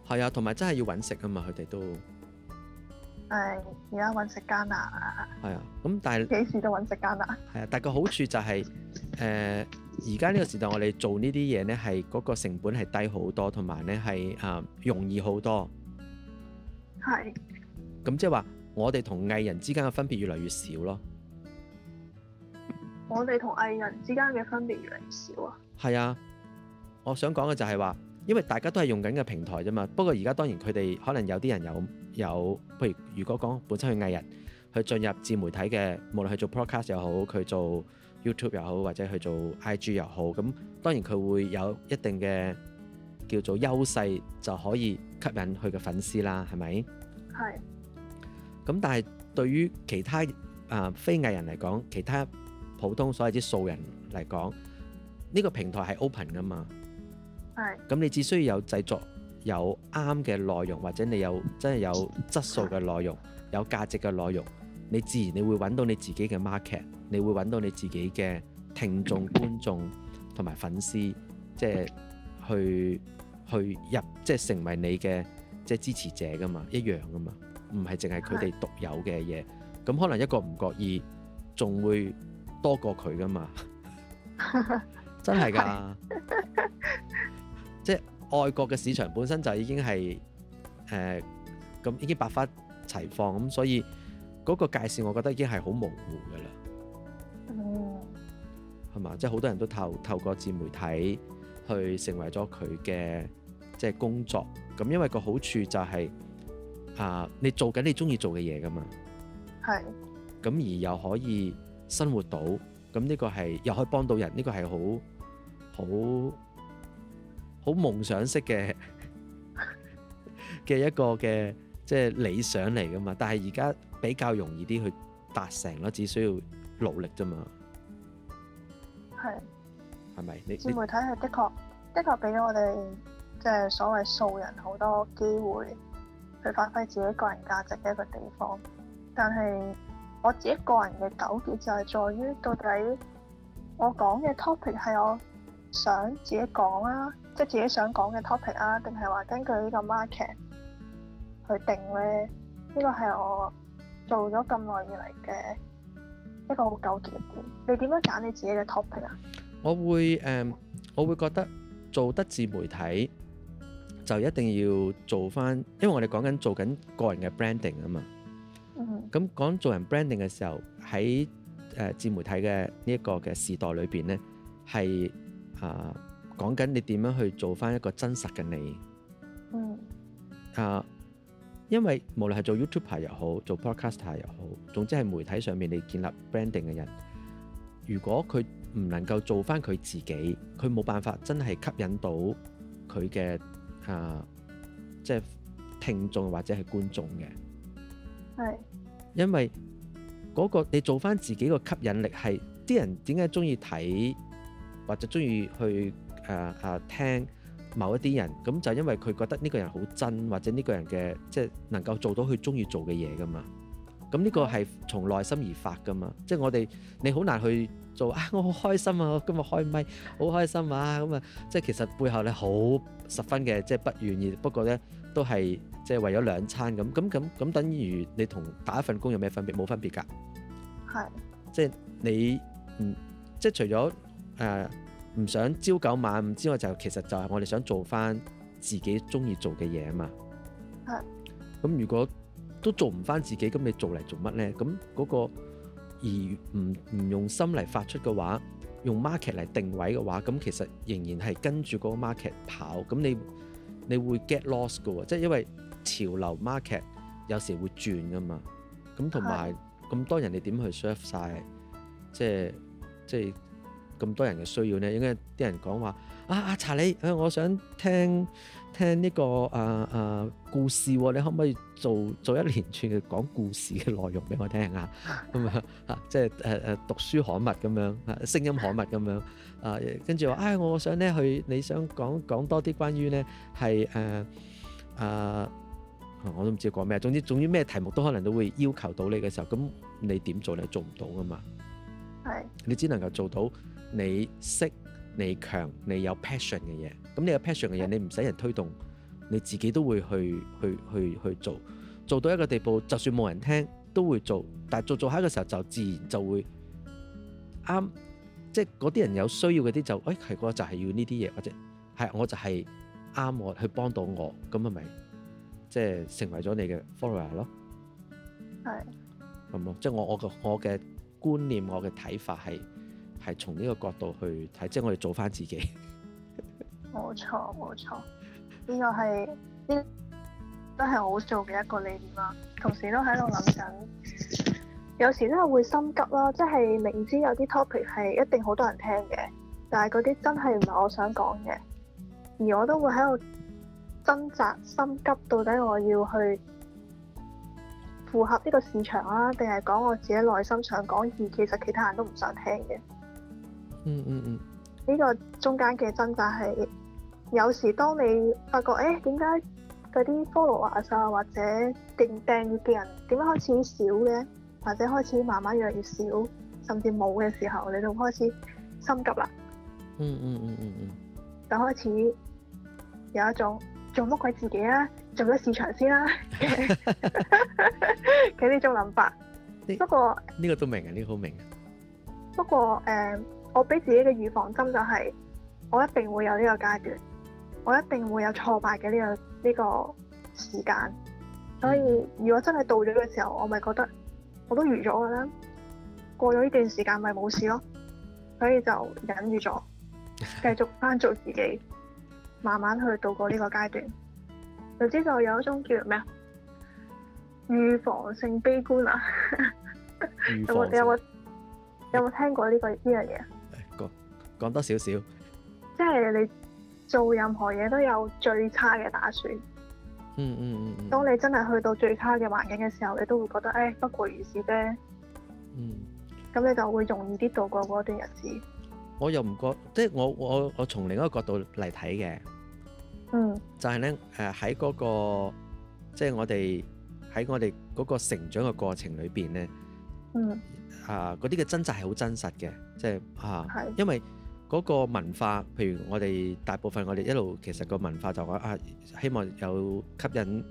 係，哎，啊，同埋真係要揾食啊嘛，佢哋都係而家揾食艱難啊，係啊，咁但係幾時都揾食艱難啊？係啊，但個好處就係，是，誒。呃而家呢個時代，我哋做呢啲嘢呢，係嗰個成本係低好多，同埋呢係啊、呃、容易好多。係是。咁即係話，我哋同藝人之間嘅分別越嚟越少咯。我哋同藝人之間嘅分別越嚟越少啊？係啊，我想講嘅就係話，因為大家都係用緊嘅平台啫嘛。不過而家當然佢哋可能有啲人有有，譬如如果講本身去藝人，去進入自媒體嘅，無論佢做 podcast 又好，佢做。YouTube 又好或者去做 IG 又好，咁當然佢會有一定嘅叫做優勢，就可以吸引佢嘅粉絲啦，係咪？係是。咁但係對於其他啊、呃、非藝人嚟講，其他普通所謂啲素人嚟講，呢、呢個平台係 open 噶嘛？係是。咁你只需要有製作有啱嘅內容，或者你有真係有質素嘅內容，是有價值嘅內容。你自然你會搵到你自己嘅 market，你會搵到你自己嘅聽眾觀眾同埋粉絲，即係去去入，即係成為你嘅即係支持者噶嘛，一樣噶嘛，唔係淨係佢哋獨有嘅嘢。咁的可能一個唔覺意，仲會多過佢噶嘛， 真係噶的，是的 即係外國嘅市場本身就已經係誒咁已經百花齊放咁，所以。嗰個介紹，我覺得已經係好模糊㗎喇，係嘛，嗯？即係好多人都透透過自媒體去成為咗佢嘅即係工作。咁因為個好處就係、是、啊，你做緊你中意做嘅嘢㗎嘛，係是。咁而又可以生活到，咁呢個係又可以幫到人，呢個係好好好夢想式嘅嘅 一個嘅即係理想嚟㗎嘛。但係而家，比較容易啲去達成咯，只需要努力啫嘛。係。係咪？你自媒體係的確，的確俾咗我哋即係所謂素人好多機會去發揮自己個人價值嘅一個地方。但係我自己個人嘅糾結就係在於到底我講嘅 topic 係我想自己講啊，即係自己想講嘅 topic 啊，定係話根據呢個 market 去定咧？呢個係我。做咗咁耐以嚟嘅一個好糾結嘅點，你點樣揀你自己嘅 topic 啊？我會誒，我會覺得做得自媒體就一定要做翻，因為我哋講緊做緊個人嘅 branding 啊嘛。嗯。咁講做人 branding 嘅時候，喺誒自媒體嘅呢一個嘅時代裏邊咧，係啊，講緊你點樣去做翻一個真實嘅你。嗯。啊。因為無論係做 YouTuber 又好，做 Podcaster 又好，總之係媒體上面你建立 branding 嘅人，如果佢唔能夠做翻佢自己，佢冇辦法真係吸引到佢嘅啊，即係聽眾或者係觀眾嘅。係對。因為嗰個你做翻自己個吸引力係，啲人點解中意睇或者中意去誒誒、啊啊、聽？某一啲人咁就因為佢覺得呢個人好真，或者呢個人嘅即係能夠做到佢鍾意做嘅嘢㗎嘛，咁呢個係從內心而發㗎嘛，即係我哋你好難去做啊！我好開心啊，我今日開咪，好開心啊，咁啊，即係其實背後咧好十分嘅即係不願意，不過咧都係即係為咗兩餐咁，咁咁咁等於你同打一份工有咩分別？冇分別㗎，係的即係你唔、嗯、即係除咗誒。呃唔想朝九晚五之外，就其實就係我哋想做翻自己中意做嘅嘢啊嘛。咁、嗯、如果都做唔翻自己，咁你做嚟做乜呢？咁嗰個而唔唔用心嚟發出嘅話，用 market 嚟定位嘅話，咁其實仍然係跟住嗰個 market 跑。咁你你會 get lost 嘅喎、哦，即係因為潮流 market 有時會轉噶嘛。咁同埋咁多人，你點去 serve 晒？即係即係。咁多人嘅需要咧，應該啲人講話啊啊，查理，誒、呃，我想聽聽呢、這個誒誒、啊呃、故事喎、哦，你可唔可以做做一連串嘅講故事嘅內容俾我聽啊？咁、 嗯、啊，即係誒誒讀書刊物咁樣，聲音刊物咁樣啊，跟住話，唉，我想咧去你想講講多啲關於咧係誒啊，我都唔知講咩，總之總之咩題目都可能都會要求到你嘅時候，咁、嗯、你點做你做唔到噶嘛？係。你只能夠做到。你識你強，你有 passion 嘅嘢。咁你有 passion 嘅嘢，的你唔使人推動，你自己都會去去去去做。做到一個地步，就算冇人聽，都會做。但係做做下嘅時候，就自然就會啱。即係嗰啲人有需要嗰啲，就誒係個就係要呢啲嘢，或者係我就係啱我去幫到我，咁啊咪即係成為咗你嘅 follower 咯。係咁咯，即係我我個我嘅觀念，我嘅睇法係。係從呢個角度去睇，即係我哋做翻自己。冇 錯，冇錯，呢個係呢都係我做嘅一個理念啦。同時都喺度諗緊，有時都係會心急啦，即係明知有啲 topic 係一定好多人聽嘅，但係嗰啲真係唔係我想講嘅，而我都會喺度掙扎心急，到底我要去符合呢個市場啦，定係講我自己內心想講而其實其他人都唔想聽嘅？嗯嗯嗯，呢、嗯、個中間嘅掙扎係有時當你發覺誒點解嗰啲 follower 啊或者訂訂閱嘅人點樣開始少嘅，或者開始慢慢越嚟越少，甚至冇嘅時候，你就開始心急啦、嗯。嗯嗯嗯嗯嗯，嗯就開始有一種做乜鬼自己啊，做咗市場先啦嘅呢種諗法。你不過呢個都明啊，呢個好明啊。不過誒。嗯我俾自己嘅預防針就係，我一定會有呢個階段，我一定會有挫敗嘅呢個呢個時間。所以如果真係到咗嘅時候，我咪覺得我都預咗噶啦，過咗呢段時間咪冇事咯。所以就忍住咗，繼續翻做自己，慢慢去度過呢個階段。就知道有一種叫做咩啊，預防性悲觀啊？ 有冇？有冇？有冇聽過呢個呢樣嘢啊？講多少少，即係你做任何嘢都有最差嘅打算。嗯嗯嗯。嗯嗯，當你真係去到最差嘅環境嘅時候，你都會覺得誒、哎、不過如此啫。嗯。咁你就會容易啲度過嗰段日子。我又唔覺，即係我我我，我從另一個角度嚟睇嘅。嗯。就係咧誒喺嗰個，即係我哋喺我哋嗰個成長嘅過程裏邊咧。嗯啊。啊！嗰啲嘅掙扎係好真實嘅，即係啊，因為。嗰個文化，譬如我哋大部分，我哋一路其實個文化就話啊，希望有吸引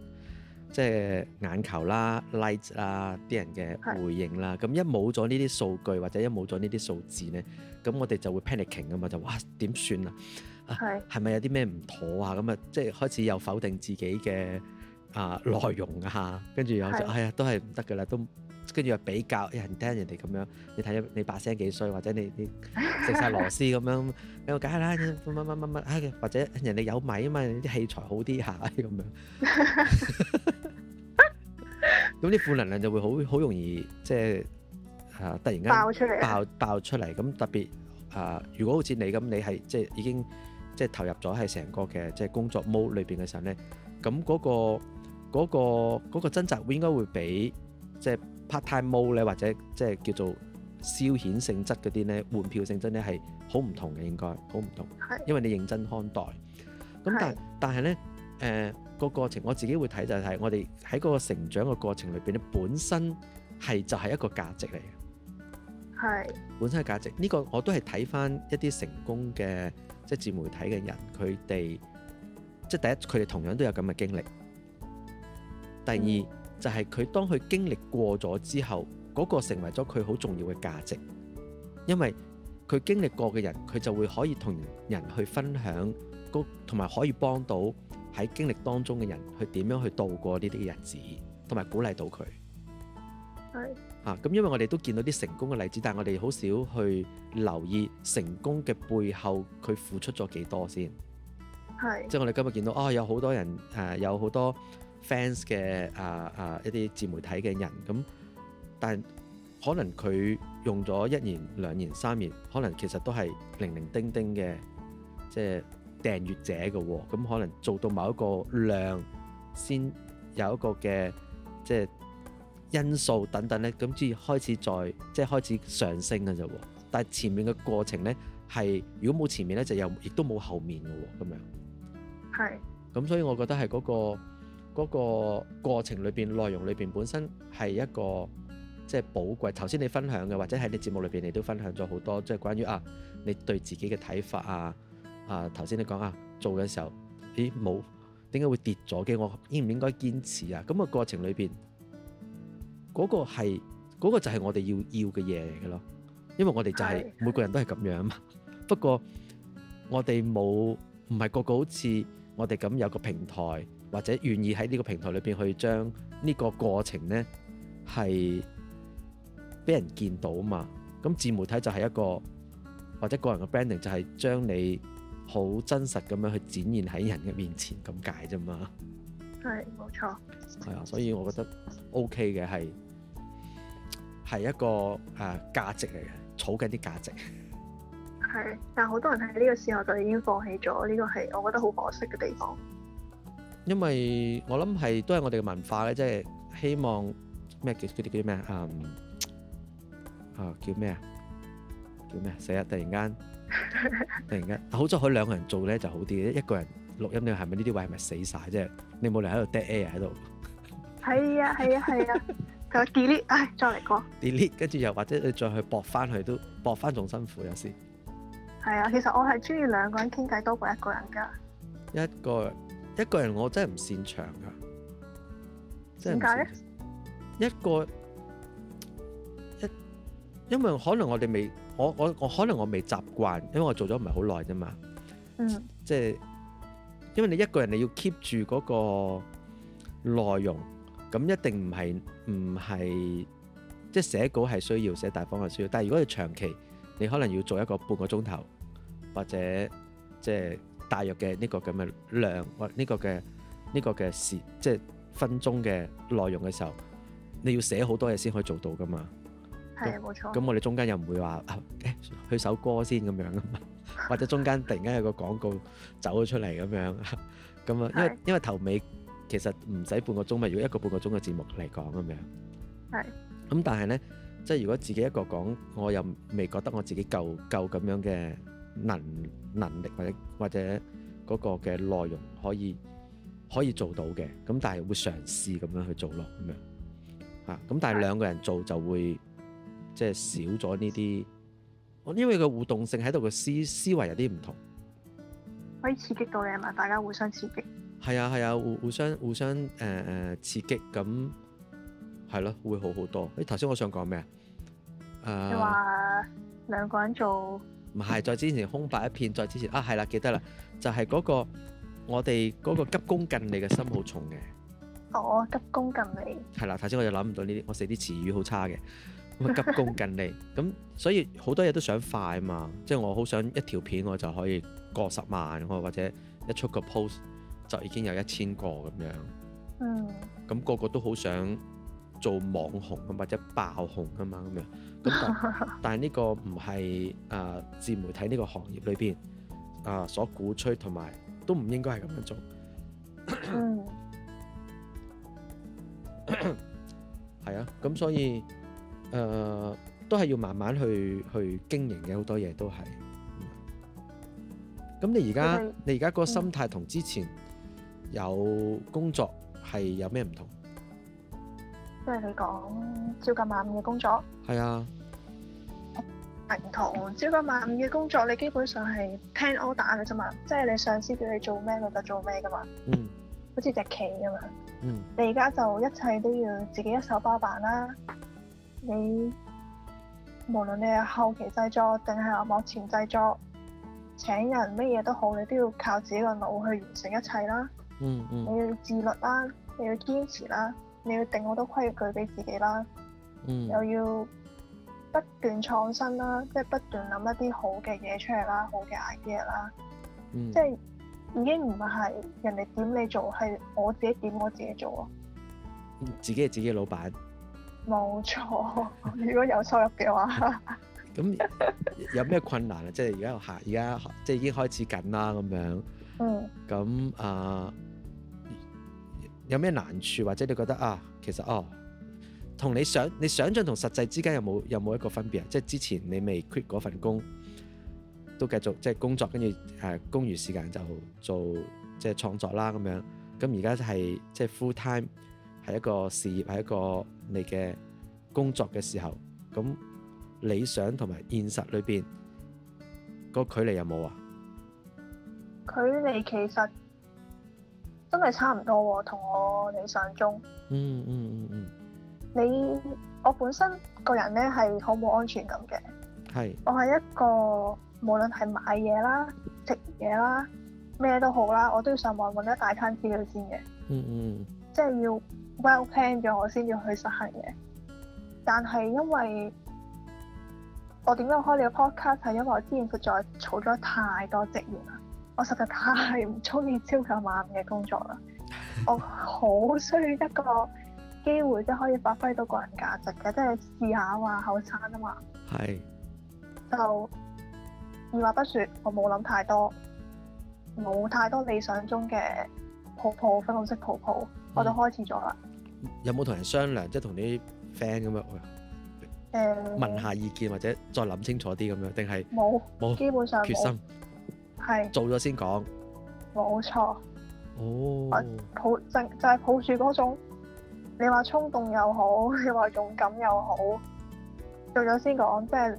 即係、就是、眼球啦、likes 啦、啲人嘅回應啦。咁是一冇咗呢啲數據或者一冇咗呢啲數字咧，咁我哋就會 panicking 啊嘛，就哇點算啊？係係咪有啲咩唔妥啊？咁啊，即係開始有否定自己嘅啊內容啊，跟住有就是哎呀，都係唔得㗎啦，都。跟住又比較人聽人哋咁樣，你睇你你把聲幾衰，或者你你食曬螺絲咁樣，你話梗係啦，乜乜乜乜，或者人哋有米啊嘛，啲器材好啲下咁樣。咁啲負能量就會好好容易，即係啊，突然間爆出嚟，爆爆出嚟。咁特別啊，如果好似你咁，你係即係已經即係投入咗喺成個嘅即係工作 mode 裏邊嘅時候咧，咁嗰個嗰個嗰個掙扎會應該會畀即係。part-time 冇咧，mode，或者即係叫做消遣性質嗰啲咧，換票性質咧係好唔同嘅，應該好唔同。係是因為你認真看待。咁但是但係咧，誒、呃那個過程我自己會睇就係我哋喺嗰個成長嘅過程裏邊咧，本身係就係一個價值嚟嘅。係是本身嘅價值呢，這個我都係睇翻一啲成功嘅即係自媒體嘅人，佢哋即係第一，佢哋同樣都有咁嘅經歷。第二。嗯就係佢當佢經歷過咗之後，嗰個成為咗佢好重要嘅價值，因為佢經歷過嘅人，佢就會可以同人去分享嗰，同埋可以幫到喺經歷當中嘅人去點樣去度過呢啲日子，同埋鼓勵到佢。係。啊，咁因為我哋都見到啲成功嘅例子，但係我哋好少去留意成功嘅背後佢付出咗幾多先。係。即係我哋今日見到啊，有好多人誒，有好多。Fans 嘅，啊啊一啲自媒體嘅人咁，但可能佢用咗一年兩年三年，可能其實都係零零丁丁嘅，即係訂閱者嘅喎，哦，咁可能做到某一個量先有一個嘅即係因素等等咧，咁先開始再，即係開始上升嘅啫喎。但係前面嘅過程咧，係如果冇前面咧，就又亦都冇後面嘅喎咁樣。係是。咁所以我覺得係嗰，那個。嗰個過程裏邊，內容裏邊，本身係一個即係寶貴。頭先你分享嘅，或者喺你節目裏邊你都分享咗好多，即係關於啊你對自己嘅睇法啊啊頭先你講啊做嘅時候，咦冇點解會跌咗嘅？我應唔應該堅持啊？咁嘅過程裏邊，嗰個係嗰個就係我哋要要嘅嘢嚟嘅咯。因為我哋就係係嘅每個人都係咁樣啊嘛。 不過我哋冇唔係個個好似我哋咁有個平台。或者願意喺呢個平台裏邊去將呢個過程呢係俾人見到嘛？咁自媒體就係一個或者個人嘅 branding，就係將你好真實咁樣去展現喺人嘅面前咁解啫嘛。係冇錯。係啊，所以我覺得 OK 嘅係係一個誒價值嚟嘅，儲緊啲價值。係，但好多人喺呢個時候就已經放棄咗，呢個係我覺得好可惜嘅地方。因為我諗係都係我哋嘅文化咧，即係希望咩叫嗰啲叫咩啊？啊叫咩啊？叫咩死啊！突然間， 突然間，好彩可以兩個人做咧就好啲。一個人錄音咧，係咪呢啲位係咪死晒，即係你冇理由喺度 dead air 喺度。係啊係啊係啊！佢、啊啊啊、delete，唉、哎，再嚟過。 delete 跟住又或者你再去搏翻去都搏翻仲辛苦，有時。係啊，其實我係中意兩個人傾偈多過一個人㗎。一個 一個人我真係唔擅長㗎，點解咧？謝謝一個一，因為可能我哋未，我我我可能我未習慣，因為我做咗唔係好耐啫嘛。嗯。即係，因為你一個人你要 keep 住嗰個內容，咁一定唔係唔係，即係寫稿係需要，寫大方向係需要，但係如果你長期，你可能要做一個半個鐘頭或者即係。大約嘅呢個咁嘅量或呢個嘅呢個嘅時即係分鐘嘅內容嘅時候，你要寫好多嘢先可以做到噶嘛？係，咁，冇錯。咁我哋中間又唔會話、哎、去首歌先咁樣啊嘛，或者中間突然間 有個廣告走咗出嚟咁樣，咁啊，因為，係，因為頭尾其實唔使半個鐘嘛。如果一個半個鐘嘅節目嚟講咁樣，係。咁但係咧，即係如果自己一個講，我又未覺得我自己夠夠咁樣嘅。能能力或者或者嗰個嘅內容可以可以做到嘅，咁但係會嘗試咁樣去做咯，咁樣嚇。咁、啊、但係兩個人做就會即係、就是、少咗呢啲，我因為個互動性喺度嘅思思維有啲唔同，可以刺激到你啊嘛！大家互相刺激，係啊係啊，互相互相誒誒、呃、刺激，咁係咯，會好好多。誒頭先我想講咩啊？誒、呃，你話兩個人做。唔係，再之前空白一片，再之前啊，係啦，記得啦，就係嗰個我哋嗰個急功近利嘅心好重嘅。哦，急功近利。係啦， 頭先我就諗唔到呢啲，我寫啲詞語好差嘅。急功近利，咁所以好多嘢都想快啊嘛，即係我好想一條片我就可以過十萬，我或者一出個 post 就已經有一千個咁樣。嗯。咁個個都好想。做網紅啊，或者爆紅啊嘛，咁樣咁，但係呢 個唔係誒，自媒體呢個行業裏邊，誒所鼓吹同埋都唔應該係咁樣做。嗯。係 啊，咁所以誒、呃、都係要慢慢去去經營嘅，好多嘢都係。咁 你而家 Okay. 你而家個心態同之前有工作係有咩唔同？即係你講朝九晚五嘅工作係啊，唔同朝九晚五嘅工作，你基本上係聽 order 嘅啫嘛。即係你上司叫你做咩你就做咩噶嘛。嗯。好似隻棋咁樣。嗯。你而家就一切都要自己一手包辦啦。你無論你係後期製作定係幕前製作，請人乜嘢都好，你都要靠自己個腦去完成一切啦。嗯嗯。嗯，你要自律啦，你要堅持啦。你要定好多規矩俾自己啦，嗯、又要不斷創新啦，嗯、即係不斷諗一啲好嘅嘢出嚟啦，好嘅 idea 啦，嗯、即係已經唔係人哋點你做，係我自己點我自己做啊！自己係自己嘅老闆，冇錯。如果有收入嘅話，咁有咩困難啊？即係而家下，而家即係已經開始緊啦，咁樣嗯嗯。嗯。咁啊。有咩難處，或者你覺得啊，其實哦，同你想你想像同實際之間有冇有冇一個分別啊？即係之前你未 quit 嗰份工，都繼續即係、就是、工作，跟住誒工餘時間就做即係創作啦咁樣。咁而家就係即係 full time，係一個事業，係一個你嘅工作嘅時候。咁理想同埋現實裏邊、個距離有冇啊？距離其實。真係差唔多喎，同我理想中。嗯嗯嗯嗯。嗯嗯，你我本身個人咧係好冇安全感嘅。係，我係一個無論係買嘢啦、食嘢啦、咩都好啦，我都要上網揾一大餐資料先嘅，嗯。嗯嗯。即係要 well plan 咗，我先要去實行嘅。但係因為我點解開呢個 podcast 係因為我之前實在儲咗太多積怨。我實在太唔中意朝九晚五嘅工作啦！ 我好需要一個機會，即係可以發揮到個人價值嘅，即係試下啊嘛，後生啊嘛。係。是就二話不說，我冇諗太多，冇太多理想中嘅泡泡粉紅色泡泡，嗯、我就開始咗啦。有冇同人商量，即係同啲 friend 咁樣？誒。Um, 問下意見或者再諗清楚啲咁樣，定係冇冇基本上決心？係做咗先講，冇錯。哦，抱正就係抱住嗰種，你話衝動又好，你話勇敢又好，做咗先講。即係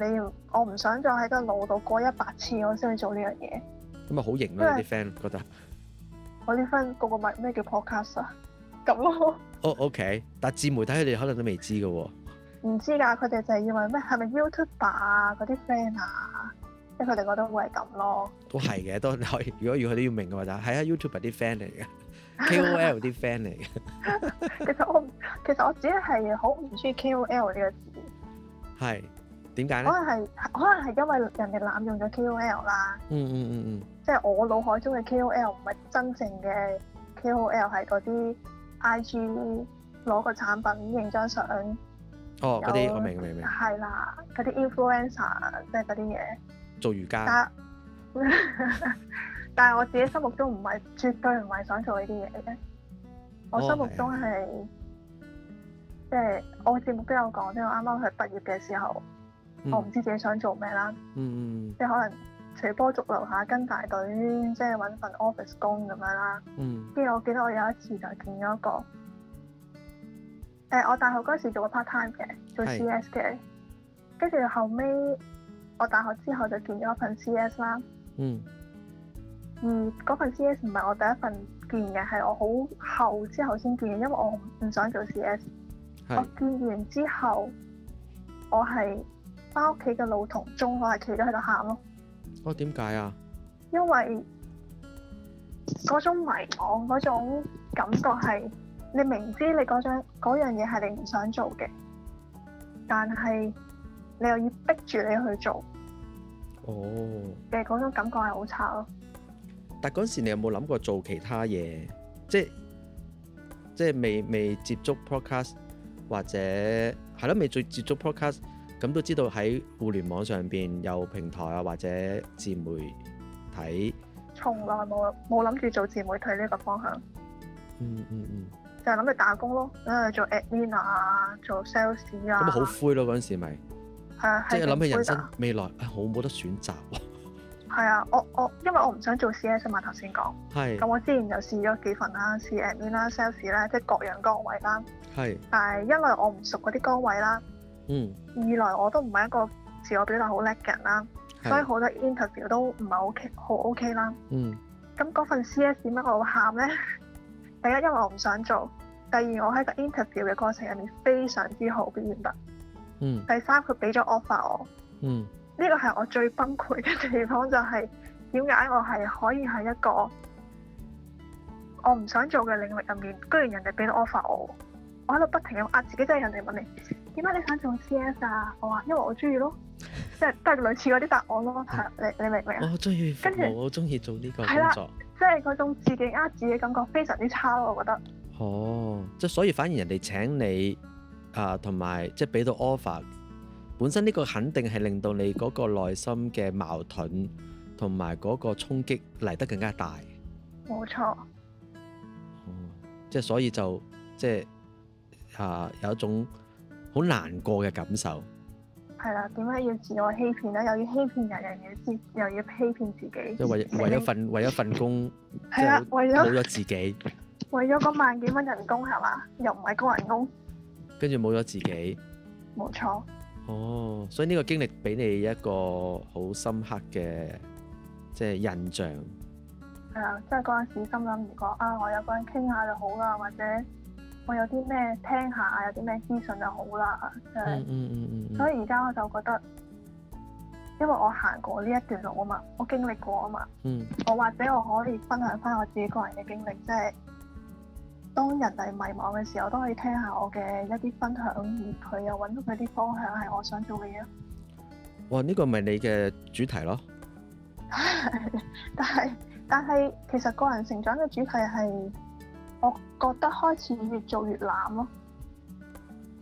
你，我唔想再喺個腦度過一百次我，我先去做呢樣嘢。咁咪好型咯，啲 friend 覺得。我啲 friend 個個咪咩叫 podcast 啊？咁咯。哦 OK 但自媒體你可能都未知㗎喎。唔知㗎，佢哋就係以為咩？係咪 Youtuber 啊？嗰啲 friend 啊？即係佢哋覺得會係咁咯，都係嘅，都可以。如果要佢哋要明嘅話就係啊，YouTube 啲 friend 嚟嘅，KOL 啲 friend 嚟嘅。其實我其實我自己係好唔中意 KOL 呢個字，係點解咧？可能係可能係因為人哋濫用咗 KOL 啦。嗯嗯嗯嗯。即係我腦海中嘅 KOL 唔係真正嘅 KOL，係啲 IG 攞個產品影張相。哦，嗰啲有我明明明。係啦，嗰啲 influencer 即係嗰啲嘢。做瑜伽。但係 我自己心目中唔係，絕對唔係想做呢啲嘢嘅。我心目中係，oh, yeah. 即係我節目都有講，即係我啱啱去畢業嘅時候，mm. 我唔知自己想做咩啦。嗯、mm. 即係可能隨波逐流下跟大隊，即係揾份 office 工咁樣啦。嗯。跟住我記得我有一次就見咗一個，誒，我大學嗰時做 part time 嘅，做 CS 嘅，跟住是後尾。我大學之後就見咗一份 CS 啦。嗯。嗯，嗰份 CS 唔係我第一份見嘅，係我好後之後先見嘅，因為我唔想做 CS。是我見完之後，我係翻屋企嘅路途中，我係企咗喺度喊咯。我點解啊？為因為嗰種迷惘嗰種感覺係你明知你嗰張嗰樣嘢係你唔想做嘅，但係。你又要逼住你去做哦，嘅嗰種感覺係好差咯。但嗰時你有冇諗過做其他嘢？即即未未接觸 podcast 或者係咯，未最接觸 podcast 咁，都知道喺互聯網上邊有平台啊，或者自媒體，從來冇冇諗住做自媒體呢個方向。嗯嗯嗯，嗯嗯就係諗住打工咯，啊，做 admin 啊，做、嗯嗯嗯、sales 啊，咁好灰咯嗰陣時咪。啊、即係諗起人生未來，唉、嗯，我冇、啊、得選擇喎。係 啊，我我因為我唔想做 CS 嘛，頭先講。係是。咁我之前就試咗幾份啦，admin 啦、Sales 是啦，即係各樣崗位啦。係是。但係因為我唔熟嗰啲崗位啦。嗯。二來我都唔係一個自我表達好叻嘅人啦，是所以好多 interview 都唔係好 OK，好 OK 啦。嗯。咁嗰份 CS 點解我會喊咧？ 第一因為我唔想做，第二我喺個 interview 嘅過程入面非常之好表達。嗯、第三佢俾咗 offer 我，呢、嗯、個係我最崩潰嘅地方就係點解我係可以喺一個我唔想做嘅領域入面，居然人哋俾咗 offer 我，我喺度不停咁呃自己，即、啊、係人哋問你點解你想做 CS 啊？我話因為我中意咯，即係都係類似嗰啲答案咯。哦、你你明唔明啊？我中意，跟住着我好中意做呢個工作，即係嗰種自己呃自己感覺非常之差咯、啊，我覺得。哦，即係所以反而人哋請你。啊，同埋即係俾到 offer，本身呢個肯定係令到你嗰個內心嘅矛盾同埋嗰個衝擊嚟得更加大。冇錯，哦，即係所以就即係啊，有一種好難過嘅感受。係啦，點解要自我欺騙咧？又要欺騙人人嘅自，又要欺騙自己。即係為為咗份為咗份工，為咗自己。為咗嗰萬幾蚊人工係嘛？又唔係高人工。跟住冇咗自己，冇錯。哦，oh, 所以呢個經歷俾你一個好深刻嘅即係印象。係啊、嗯，即係嗰陣時心諗如果啊，我有個人傾下就好啦，或者我有啲咩聽下，有啲咩資訊就好啦，即係嗯。嗯嗯嗯。嗯嗯所以而家我就覺得，因為我行過呢一段路啊嘛，我經歷過啊嘛。嗯。我或者我可以分享翻我自己個人嘅經歷，即係。當人哋迷茫嘅時候，都可以聽下我嘅一啲分享，而佢又揾到佢啲方向係我想做嘅嘢。哇！呢、這個咪你嘅主題咯？ 但係但係，其實個人成長嘅主題係，我覺得開始越做越難咯。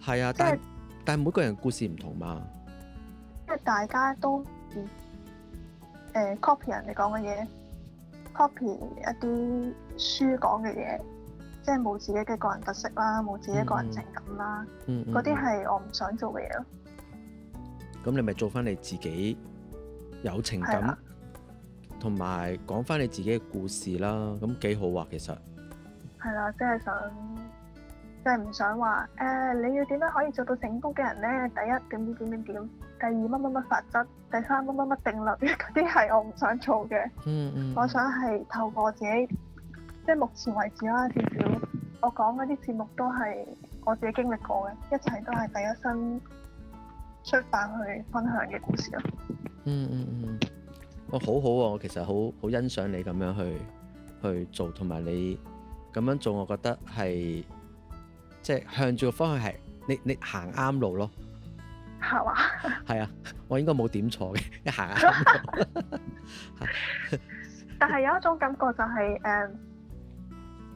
係啊，即係但係、就是、每個人故事唔同嘛。因為大家都誒、呃、copy 人哋講嘅嘢，copy 一啲書講嘅嘢。即係冇自己嘅個人特色啦，冇自己個人情感啦，嗰啲係我唔想做嘅嘢咯。咁你咪做翻你自己有情感，同埋講翻你自己嘅故事啦。咁幾好啊，其實。係啦，即係想，即係唔想話誒，你要點樣可以做到成功嘅人咧？第一點點點點點，第二乜乜乜法則，第三乜乜乜定律，嗰啲係我唔想做嘅。嗯嗯，我想係透過自己。即係目前為止啦，至少我講嗰啲節目都係我自己經歷過嘅，一切都係第一身出發去分享嘅故事啦、嗯。嗯嗯嗯，我好好喎、啊，我其實好好欣賞你咁樣去去做，同埋你咁樣做，我覺得係即係向住個方向係你你行啱路咯，係嘛是嗎？係 啊，我應該冇點錯嘅，一行 但係有一種感覺就係、是、誒。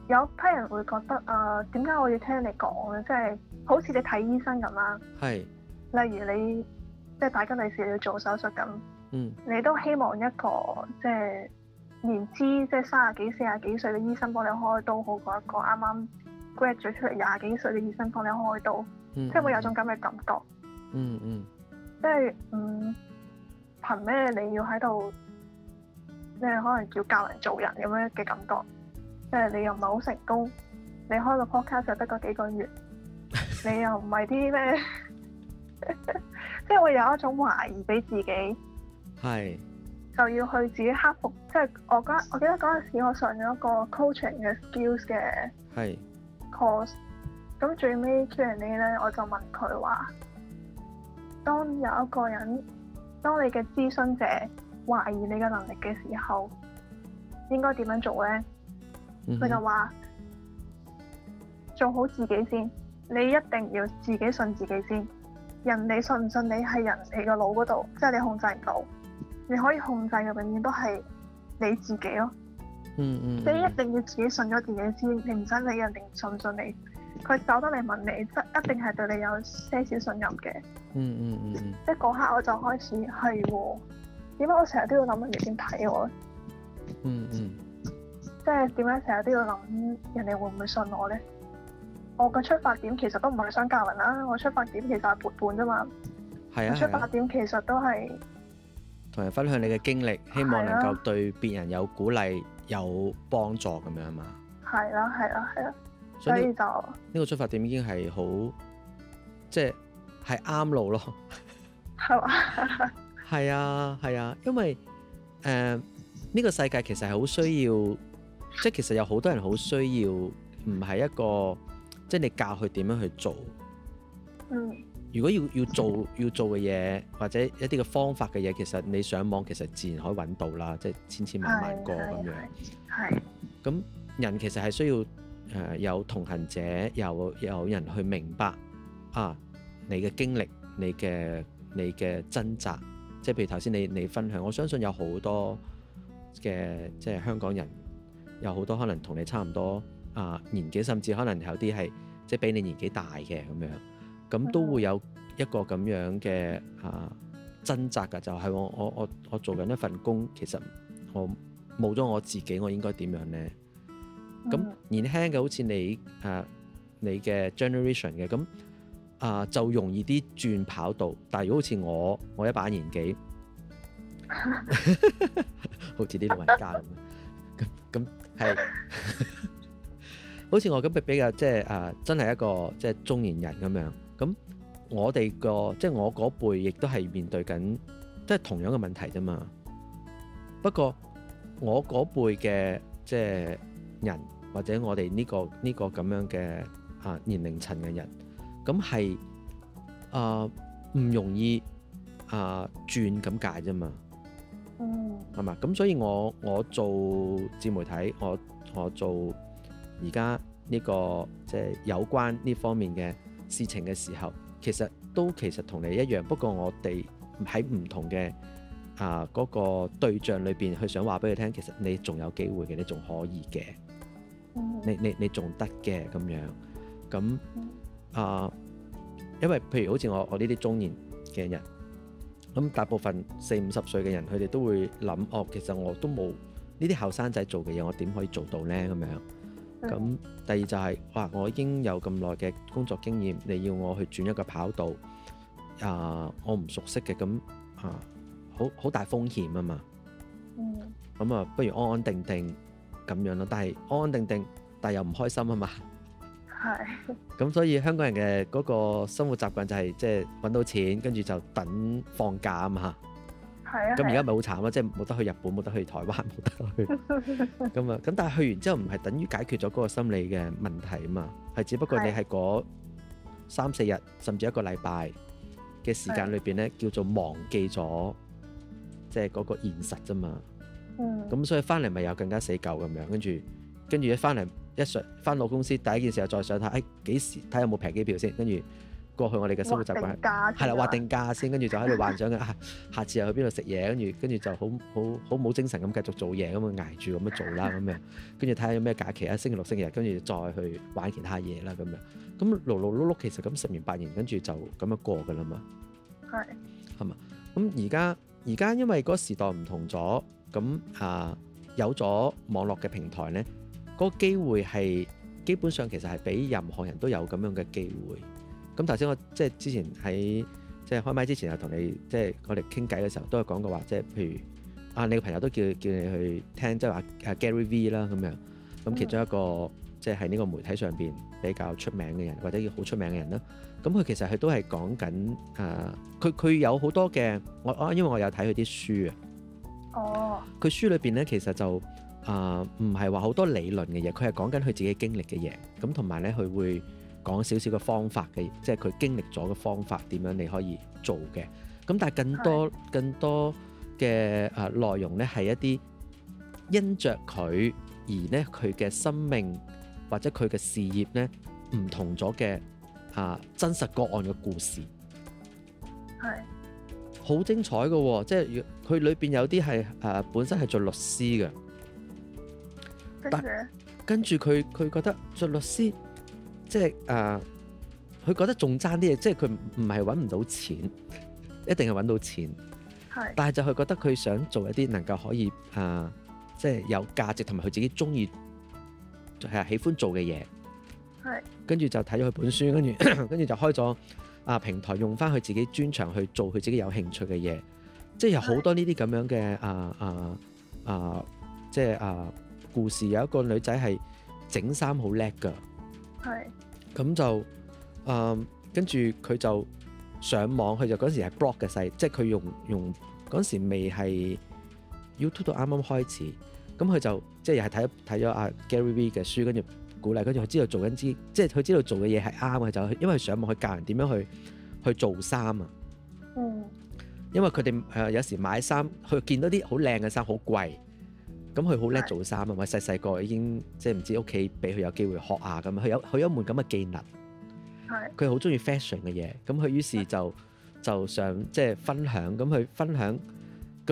有批人會覺得啊，點解我要聽你講咧？即係好似你睇醫生咁啦。係是。例如你即係大吉利是要做手術咁，嗯，你都希望一個即係年資即係三十幾四十幾歲嘅醫生幫你開刀，好過一個啱啱 grad 咗出嚟廿幾歲嘅醫生幫你開刀。嗯。即係會有種咁嘅感覺。嗯嗯。即係嗯，憑咩、嗯、你要喺度即係？可能要教人做人咁樣嘅感覺。即係你又唔係好成功，你開個 podcast 就得嗰幾個月， 你又唔係啲咩，即係會有一種懷疑俾自己，係是就要去自己克服。即、就、係、是、我嗰，我記得嗰陣時我上咗一個 coaching 嘅 skills 嘅 course，咁是最尾 Q&A 咧，我就問佢話，當有一個人，當你嘅諮詢者懷疑你嘅能力嘅時候，應該點樣做咧？佢就話：做好自己先，你一定要自己信自己先。人哋信唔信你係人哋個腦嗰度，即係你控制唔到。你可以控制嘅永遠都係你自己咯。嗯嗯。嗯，你一定要自己信咗自己先，你唔想理人定信唔信你？佢走得嚟問你，即一定係對你有些少信任嘅、嗯。嗯嗯嗯。即嗰刻我就開始係點解我成日都要諗人你點睇我嗯？嗯嗯。即係點解成日都要諗人哋會唔會信我咧？我嘅出發點其實都唔係想教人啦，啊，我出發點其實係陪伴啫嘛。係啊，啊出發點其實都係同人分享你嘅經歷，希望能夠對別人有鼓勵、啊、有幫助咁樣嘛。係啦係啦係啦，所以就呢個出發點已經係好，即係係啱路咯。係 嘛是嗎？係 啊係啊，因為誒呢、呃呢個世界其實係好需要。即係其實有好多人好需要，唔係一個即係你教佢點樣去做。嗯，如果要要做要做嘅嘢，或者一啲嘅方法嘅嘢，其實你上網其實自然可以揾到啦，即係千千萬萬個咁樣，係咁人其實係需要誒、呃、有同行者，有有人去明白啊你嘅經歷，你嘅你嘅掙扎，即係譬如頭先你你分享，我相信有好多嘅即係香港人。有好多可能同你差唔多啊、呃、年紀，甚至可能有啲係即係比你年紀大嘅咁樣，咁都會有一個咁樣嘅啊掙扎㗎，就係、是、我我我我做緊一份工，其實我冇咗我自己，我應該點樣呢？咁年輕嘅好似你誒、呃、你嘅 generation 嘅咁啊，就容易啲轉跑道。但係如果好似我我一把年紀， 好似啲老人家咁，咁咁。係，是 好似我咁比較即係啊，真係一個即係中年人咁樣。咁我哋個即係我嗰輩，亦都係面對緊，即係同樣嘅問題啫嘛。不過我嗰輩嘅即係人，或者我哋呢、呢個呢、呢個咁樣嘅啊、呃、年齡層嘅人，咁係啊唔容易啊、呃、轉咁解啫嘛。嗯，係嘛？咁所以我我做自媒體，我我做而家呢個即係有關呢方面嘅事情嘅時候，其實都其實同你一樣。不過我哋喺唔同嘅啊、呃嗰個對象裏邊去想話俾你聽，其實你仲有機會嘅，你仲可以嘅、嗯，你你你仲得嘅咁樣。咁啊、呃，因為譬如好似我我呢啲中年嘅人。咁大部分四五十歲嘅人，佢哋都會諗哦，其實我都冇呢啲後生仔做嘅嘢，我點可以做到呢？咁樣咁第二就係，哇，我已經有咁耐嘅工作經驗，你要我去轉一個跑道啊，呃，我唔熟悉嘅咁啊，好好大風險啊嘛。咁啊，嗯，不如安安定定咁樣咯。但係安安定定，但係又唔開心啊嘛。係，咁、嗯、所以香港人嘅嗰個生活習慣就係，即係揾到錢，跟住就等放假啊嘛嚇。係啊。咁而家咪好慘咯，啊、即係冇得去日本，冇得去台灣，冇得去。咁啊、 嗯，咁但係去完之後唔係等於解決咗嗰個心理嘅問題啊嘛，係只不過你係嗰三四日甚至一個禮拜嘅時間裏邊咧，啊、叫做忘記咗即係嗰個現實啫嘛。咁、嗯嗯、所以翻嚟咪有更加死舊咁樣，跟住。跟住一翻嚟一上翻到公司第一件事就再想睇，誒幾時睇有冇平機票先？跟住過去我哋嘅生活習慣係啦，話定價先，跟住就喺度幻想緊，下次又去邊度食嘢，跟住跟住就好好好冇精神咁繼續做嘢咁啊，捱住咁樣做啦咁樣。跟住睇下有咩假期啊，星期六星期日，跟住再去玩其他嘢啦咁樣。咁勞勞碌碌，其實咁十年八年跟住就咁樣過㗎啦嘛。係係嘛？咁而家而家因為嗰個時代唔同咗，咁啊有咗網絡嘅平台咧。嗰個機會係基本上其實係俾任何人都有咁樣嘅機會。咁頭先我即係之前喺即係開麥之前又同你即係我哋傾偈嘅時候都係講過話，即係譬如啊你嘅朋友都叫叫你去聽，即係話 Gary V 啦咁樣。咁其中一個、嗯、即係喺呢個媒體上邊比較出名嘅人，或者要好出名嘅人啦。咁佢其實佢都係講緊誒，佢、呃、佢有好多嘅我我因為我有睇佢啲書啊。哦。佢書裏邊咧其實就。啊，唔係話好多理論嘅嘢，佢係講緊佢自己經歷嘅嘢。咁同埋咧，佢會講少少嘅方法嘅，即係佢經歷咗嘅方法點樣你可以做嘅。咁、嗯、但係更多的更多嘅啊內容咧，係一啲因着佢而咧佢嘅生命或者佢嘅事業咧唔同咗嘅啊真實個案嘅故事係好的精彩嘅、哦，即係佢裏邊有啲係誒本身係做律師嘅。但跟住佢，佢覺得做律師，即係啊，佢、呃、覺得仲爭啲嘢，即係佢唔係揾唔到錢，一定係揾到錢。係是，但係就係覺得佢想做一啲能夠可以啊、呃，即係有價值同埋佢自己中意，係啊喜歡做嘅嘢。係是，跟住就睇咗佢本書， 跟住跟住就開咗啊、呃、平台，用返佢自己專長去做佢自己有興趣嘅嘢，即係有好多呢啲咁樣嘅啊啊啊，即係啊。呃故事有一個女仔係整衫好叻㗎，係是，咁就誒跟住佢就上網，佢就嗰時係 blog 嘅勢，即係佢用用嗰時未係 YouTube 啱啱開始，咁佢就即係又係睇睇咗阿 Gary Vee 嘅書，跟住鼓勵跟住佢，知道做緊啲，即係佢知道做嘅嘢係啱，就因為上網佢教人點樣去去做衫啊，嗯，因為佢哋誒有時買衫，佢見到啲好靚嘅衫好貴。咁佢好叻做衫啊！咪細細個已經即係唔知屋企俾佢有機會學下！咁佢有佢有一門咁嘅技能，係的，佢好中意 fashion 嘅嘢。咁佢於是就就想即係、就是、分享，咁、嗯、佢分享，咁、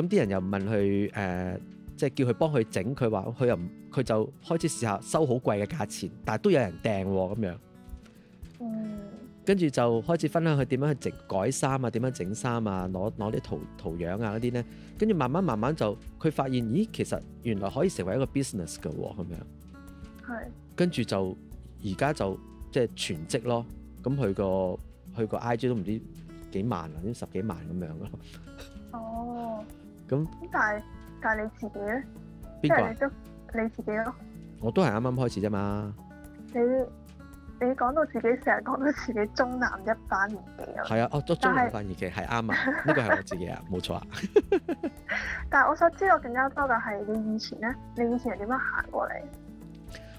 嗯、啲人又問佢誒即係叫佢幫佢整，佢話佢又唔佢就開始試下收好貴嘅價錢，但係都有人訂喎咁、哦、樣。跟住就開始分享佢點樣去整改衫啊，點樣整衫啊，攞攞啲圖圖樣啊嗰啲咧。跟住慢慢慢慢就佢發現，咦，其實原來可以成為一個 business 嘅喎、哦，咁樣。係是。跟住就而家就即係全職咯。咁佢個佢個 IG 都唔知幾萬啊，啲十幾萬咁樣咯。 哦。咁那但係但係你自己咧，啊、即係你都你自己咯。我都係啱啱開始啫嘛。你。你講到自己成日講到自己中南一班年紀啊，係啊，我都中南一班年紀，係啱啊，呢個係我自己啊，冇 沒錯啊。 但係我所知道更加多嘅係你以前咧，你以前係點樣行過嚟？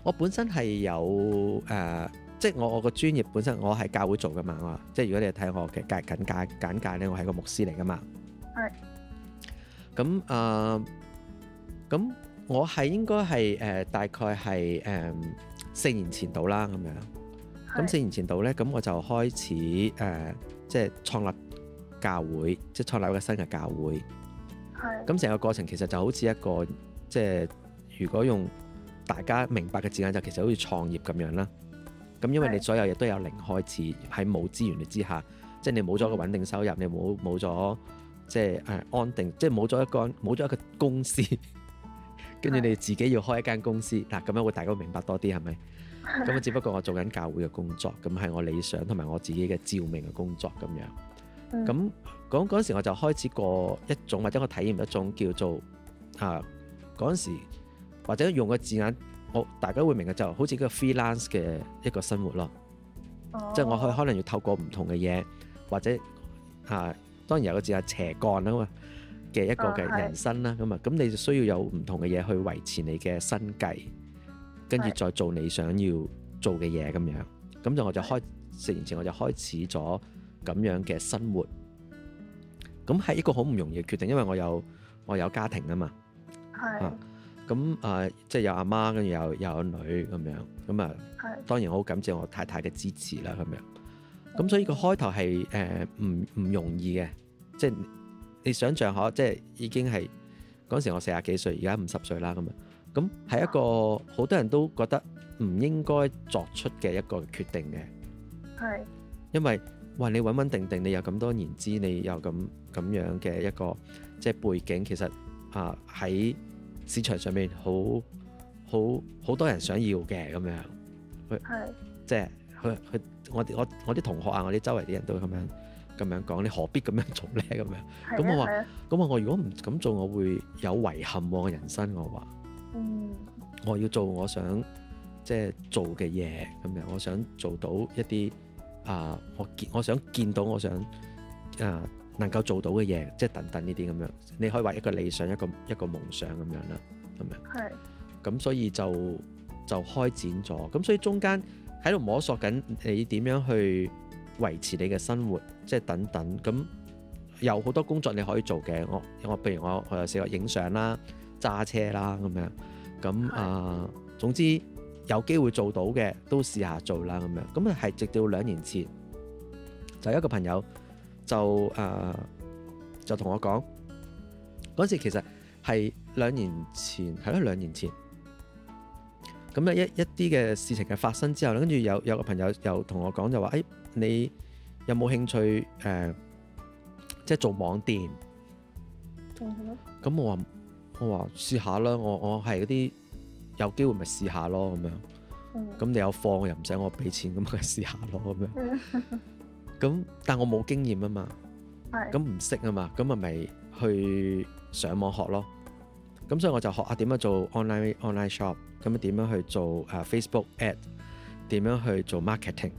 我本身係有誒、呃，即係我我個專業本身，我係教會做㗎嘛。我話，即係如果你睇我嘅簡介，簡介咧，我係個牧師嚟㗎嘛。係是。咁啊，咁、呃、我係應該係誒、呃，大概係誒、呃、四年前到啦，咁樣。咁四年前度咧，咁我就開始誒、呃，即係創立教會，即係創立一個新嘅教會。係的。咁成個過程其實就好似一個，即係如果用大家明白嘅字眼，就其實好似創業咁樣啦。咁因為你所有嘢都由零開始，喺冇資源之下，即係你冇咗個穩定收入，你冇冇咗即係誒安定，即係冇咗一個冇咗一個公司，跟 住你自己要開一間公司。嗱的，咁樣會大家會明白多啲係咪？咁啊， 我只不過我做緊教會嘅工作，咁係我理想同埋我自己嘅照明嘅工作咁樣。咁嗰嗰時我就開始過一種或者我體驗一種叫做啊嗰陣時或者用個字眼，我大家會明嘅就係、好似叫 freelance 嘅一個生活咯。即係、哦、我可可能要透過唔同嘅嘢或者啊，當然有個字係斜槓啊嘛嘅一個嘅人生啦。咁啊、哦，咁你就需要有唔同嘅嘢去維持你嘅生計。跟住再做你想要做嘅嘢咁樣，咁就我就開四年的前我就開始咗咁樣嘅生活，咁係一個好唔容易嘅決定，因為我有我有家庭啊嘛，的啊咁啊、呃、即係有阿媽，跟住又有女咁樣，咁啊的當然我好感謝我太太嘅支持啦咁樣，咁的所以佢開頭係誒唔唔容易嘅，即係你想象下，即係已經係嗰陣時我四廿幾歲，而家五十歲啦咁樣。咁係一個好多人都覺得唔應該作出嘅一個決定嘅，係是因為哇！你穩穩定定，你有咁多年資，你有咁咁樣嘅一個即係背景，其實啊喺市場上面好好好多人想要嘅咁樣，佢即係佢佢我我我啲同學啊，我啲周圍啲人都咁樣咁樣講，你何必咁樣做咧？咁樣咁、啊、我話咁、啊、我、我如果唔咁做，我會有遺憾喎。人生我話。我嗯，我要做我想即係、就是、做嘅嘢咁樣，我想做到一啲啊、呃，我見我想見到我想啊、呃、能夠做到嘅嘢，即、就、係、是、等等呢啲咁樣，你可以話一個理想，一個一個夢想咁樣啦，咁樣係，咁是所以就就開展咗，咁所以中間喺度摸索緊你點樣去維持你嘅生活，即、就、係、是、等等，咁有好多工作你可以做嘅，我我譬如我我有試過影相啦。揸車啦咁樣，咁啊的、呃，總之有機會做到嘅都試下做啦咁樣。咁啊係直到兩年前，就一個朋友就誒、呃、就同我講，嗰陣時其實係兩年前，係咯兩年前。咁咧一一啲嘅事情嘅發生之後咧，跟住有有個朋友又同我講就話：誒、哎、你有冇興趣誒、呃，即係做網店？咁、嗯、我話。我話試下啦，我我係嗰啲有機會咪試下咯，咁樣咁、嗯、你有貨我又唔使我俾錢，咁咪試下咯咁樣。咁但係我冇經驗啊嘛，咁唔識啊嘛，咁咪咪去上網學咯。咁所以我就學下點樣做 online online shop，咁點樣去做誒 Facebook ad，點樣去做 marketing。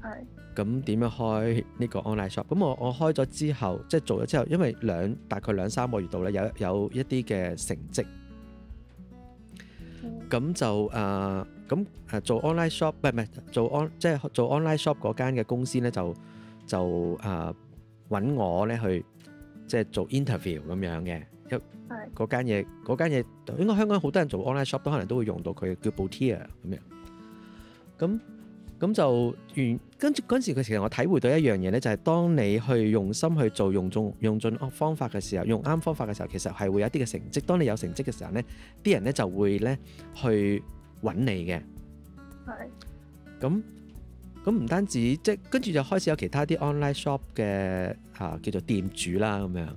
係。 咁點樣開呢個 online shop？咁我我開咗之後，即係做咗之後，因為兩大概兩三個月度咧，有有一啲嘅成績。咁就誒，咁誒做 online shop，唔係唔係做 on，即係做 online shop 嗰間嘅公司咧，就就誒揾我咧去即係做 interview，咁樣嘅。一嗰間嘢，嗰間嘢應該香港好多人做 online shop 都可能都會用到佢嘅，叫 Boutier，咁樣。咁咁就完，跟住嗰陣時，佢其實我體會到一樣嘢咧，就係、是、當你去用心去做，用盡用盡方法嘅時候，用啱方法嘅時候，其實係會有一啲嘅成績，當你有成績嘅時候咧，啲人咧就會咧去揾你嘅。係的，咁咁唔單止，即跟住就開始有其他啲 online shop 嘅嚇、啊、叫做店主啦咁樣。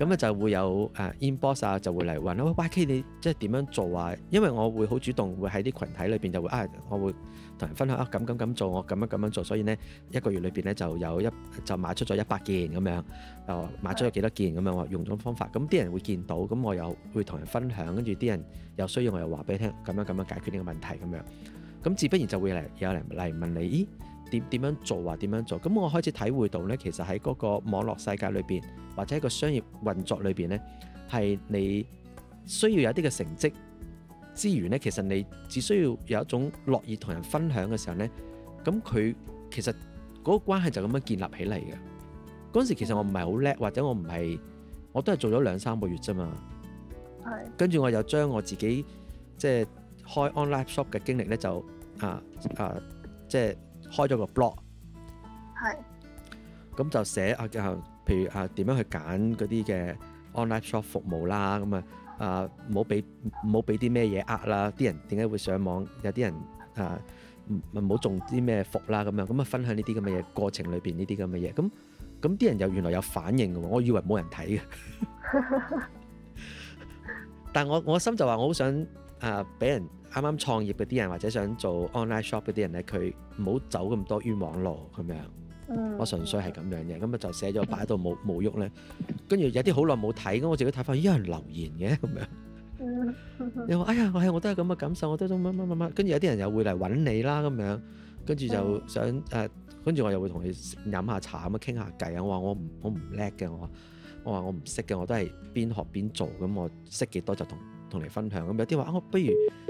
咁咧就會有誒 inbox 啊，就會嚟問喂 YK 你即係點樣做啊？因為我會好主動，會喺啲群體裏邊就會啊，我會同人分享啊，咁咁咁做，我咁樣咁樣做，所以呢，一個月裏邊呢，就有一就賣出咗一百件咁樣，誒賣出咗幾多件咁樣話用咗方法，咁啲人會見到，咁我又會同人分享，跟住啲人有需要我又話俾你聽，咁樣咁樣解決呢個問題咁樣，咁自不然就會嚟有人嚟問你。點點樣做或、啊、點樣做？咁我開始體會到呢，其實喺嗰個網絡世界裏邊，或者個商業運作裏邊呢，係你需要有啲嘅成績之餘呢，其實你只需要有一種樂意同人分享嘅時候呢，咁佢其實嗰個關係就咁樣建立起嚟嘅。嗰陣時其實我唔係好叻，或者我唔係，我都係做咗兩三個月啫嘛。對跟住我又將我自己即係開 online shop 嘅經歷呢，就啊啊即係。開咗個 blog，係是，咁就寫啊，譬如、嗯、ů, ô, ra, 啊，點樣去揀嗰啲嘅 online shop 服務啦，咁啊，啊唔好俾唔好俾啲咩嘢呃啦，啲人點解會上網？有啲人啊，唔唔好中啲咩服啦，咁樣咁啊，分享呢啲咁嘅嘢，過程裏邊呢啲咁嘅嘢，咁咁啲人又原來有反應嘅喎，我以為冇人睇嘅，但係我我心就話、啊、我好想啊俾人。啱啱創業嗰啲人，或者想做 online shop 嗰啲人咧，佢唔好走咁多冤枉路咁樣。我純粹係咁樣嘅，咁啊就寫咗擺喺度冇冇喐咧。跟住有啲好耐冇睇咁，我自己睇翻，咦有人留言嘅咁樣。你話、嗯、 哎呀，我係、哎、我都係咁嘅感受，我都都乜乜乜乜。跟住有啲人又會嚟揾你啦咁樣，跟住就想誒，跟、呃、住我又會同你飲下茶咁樣傾下偈。我話我我唔叻嘅，我我話我唔識嘅，我都係邊學邊做咁、嗯。我識幾多就同同，同你分享。咁有啲話啊，我不如。啊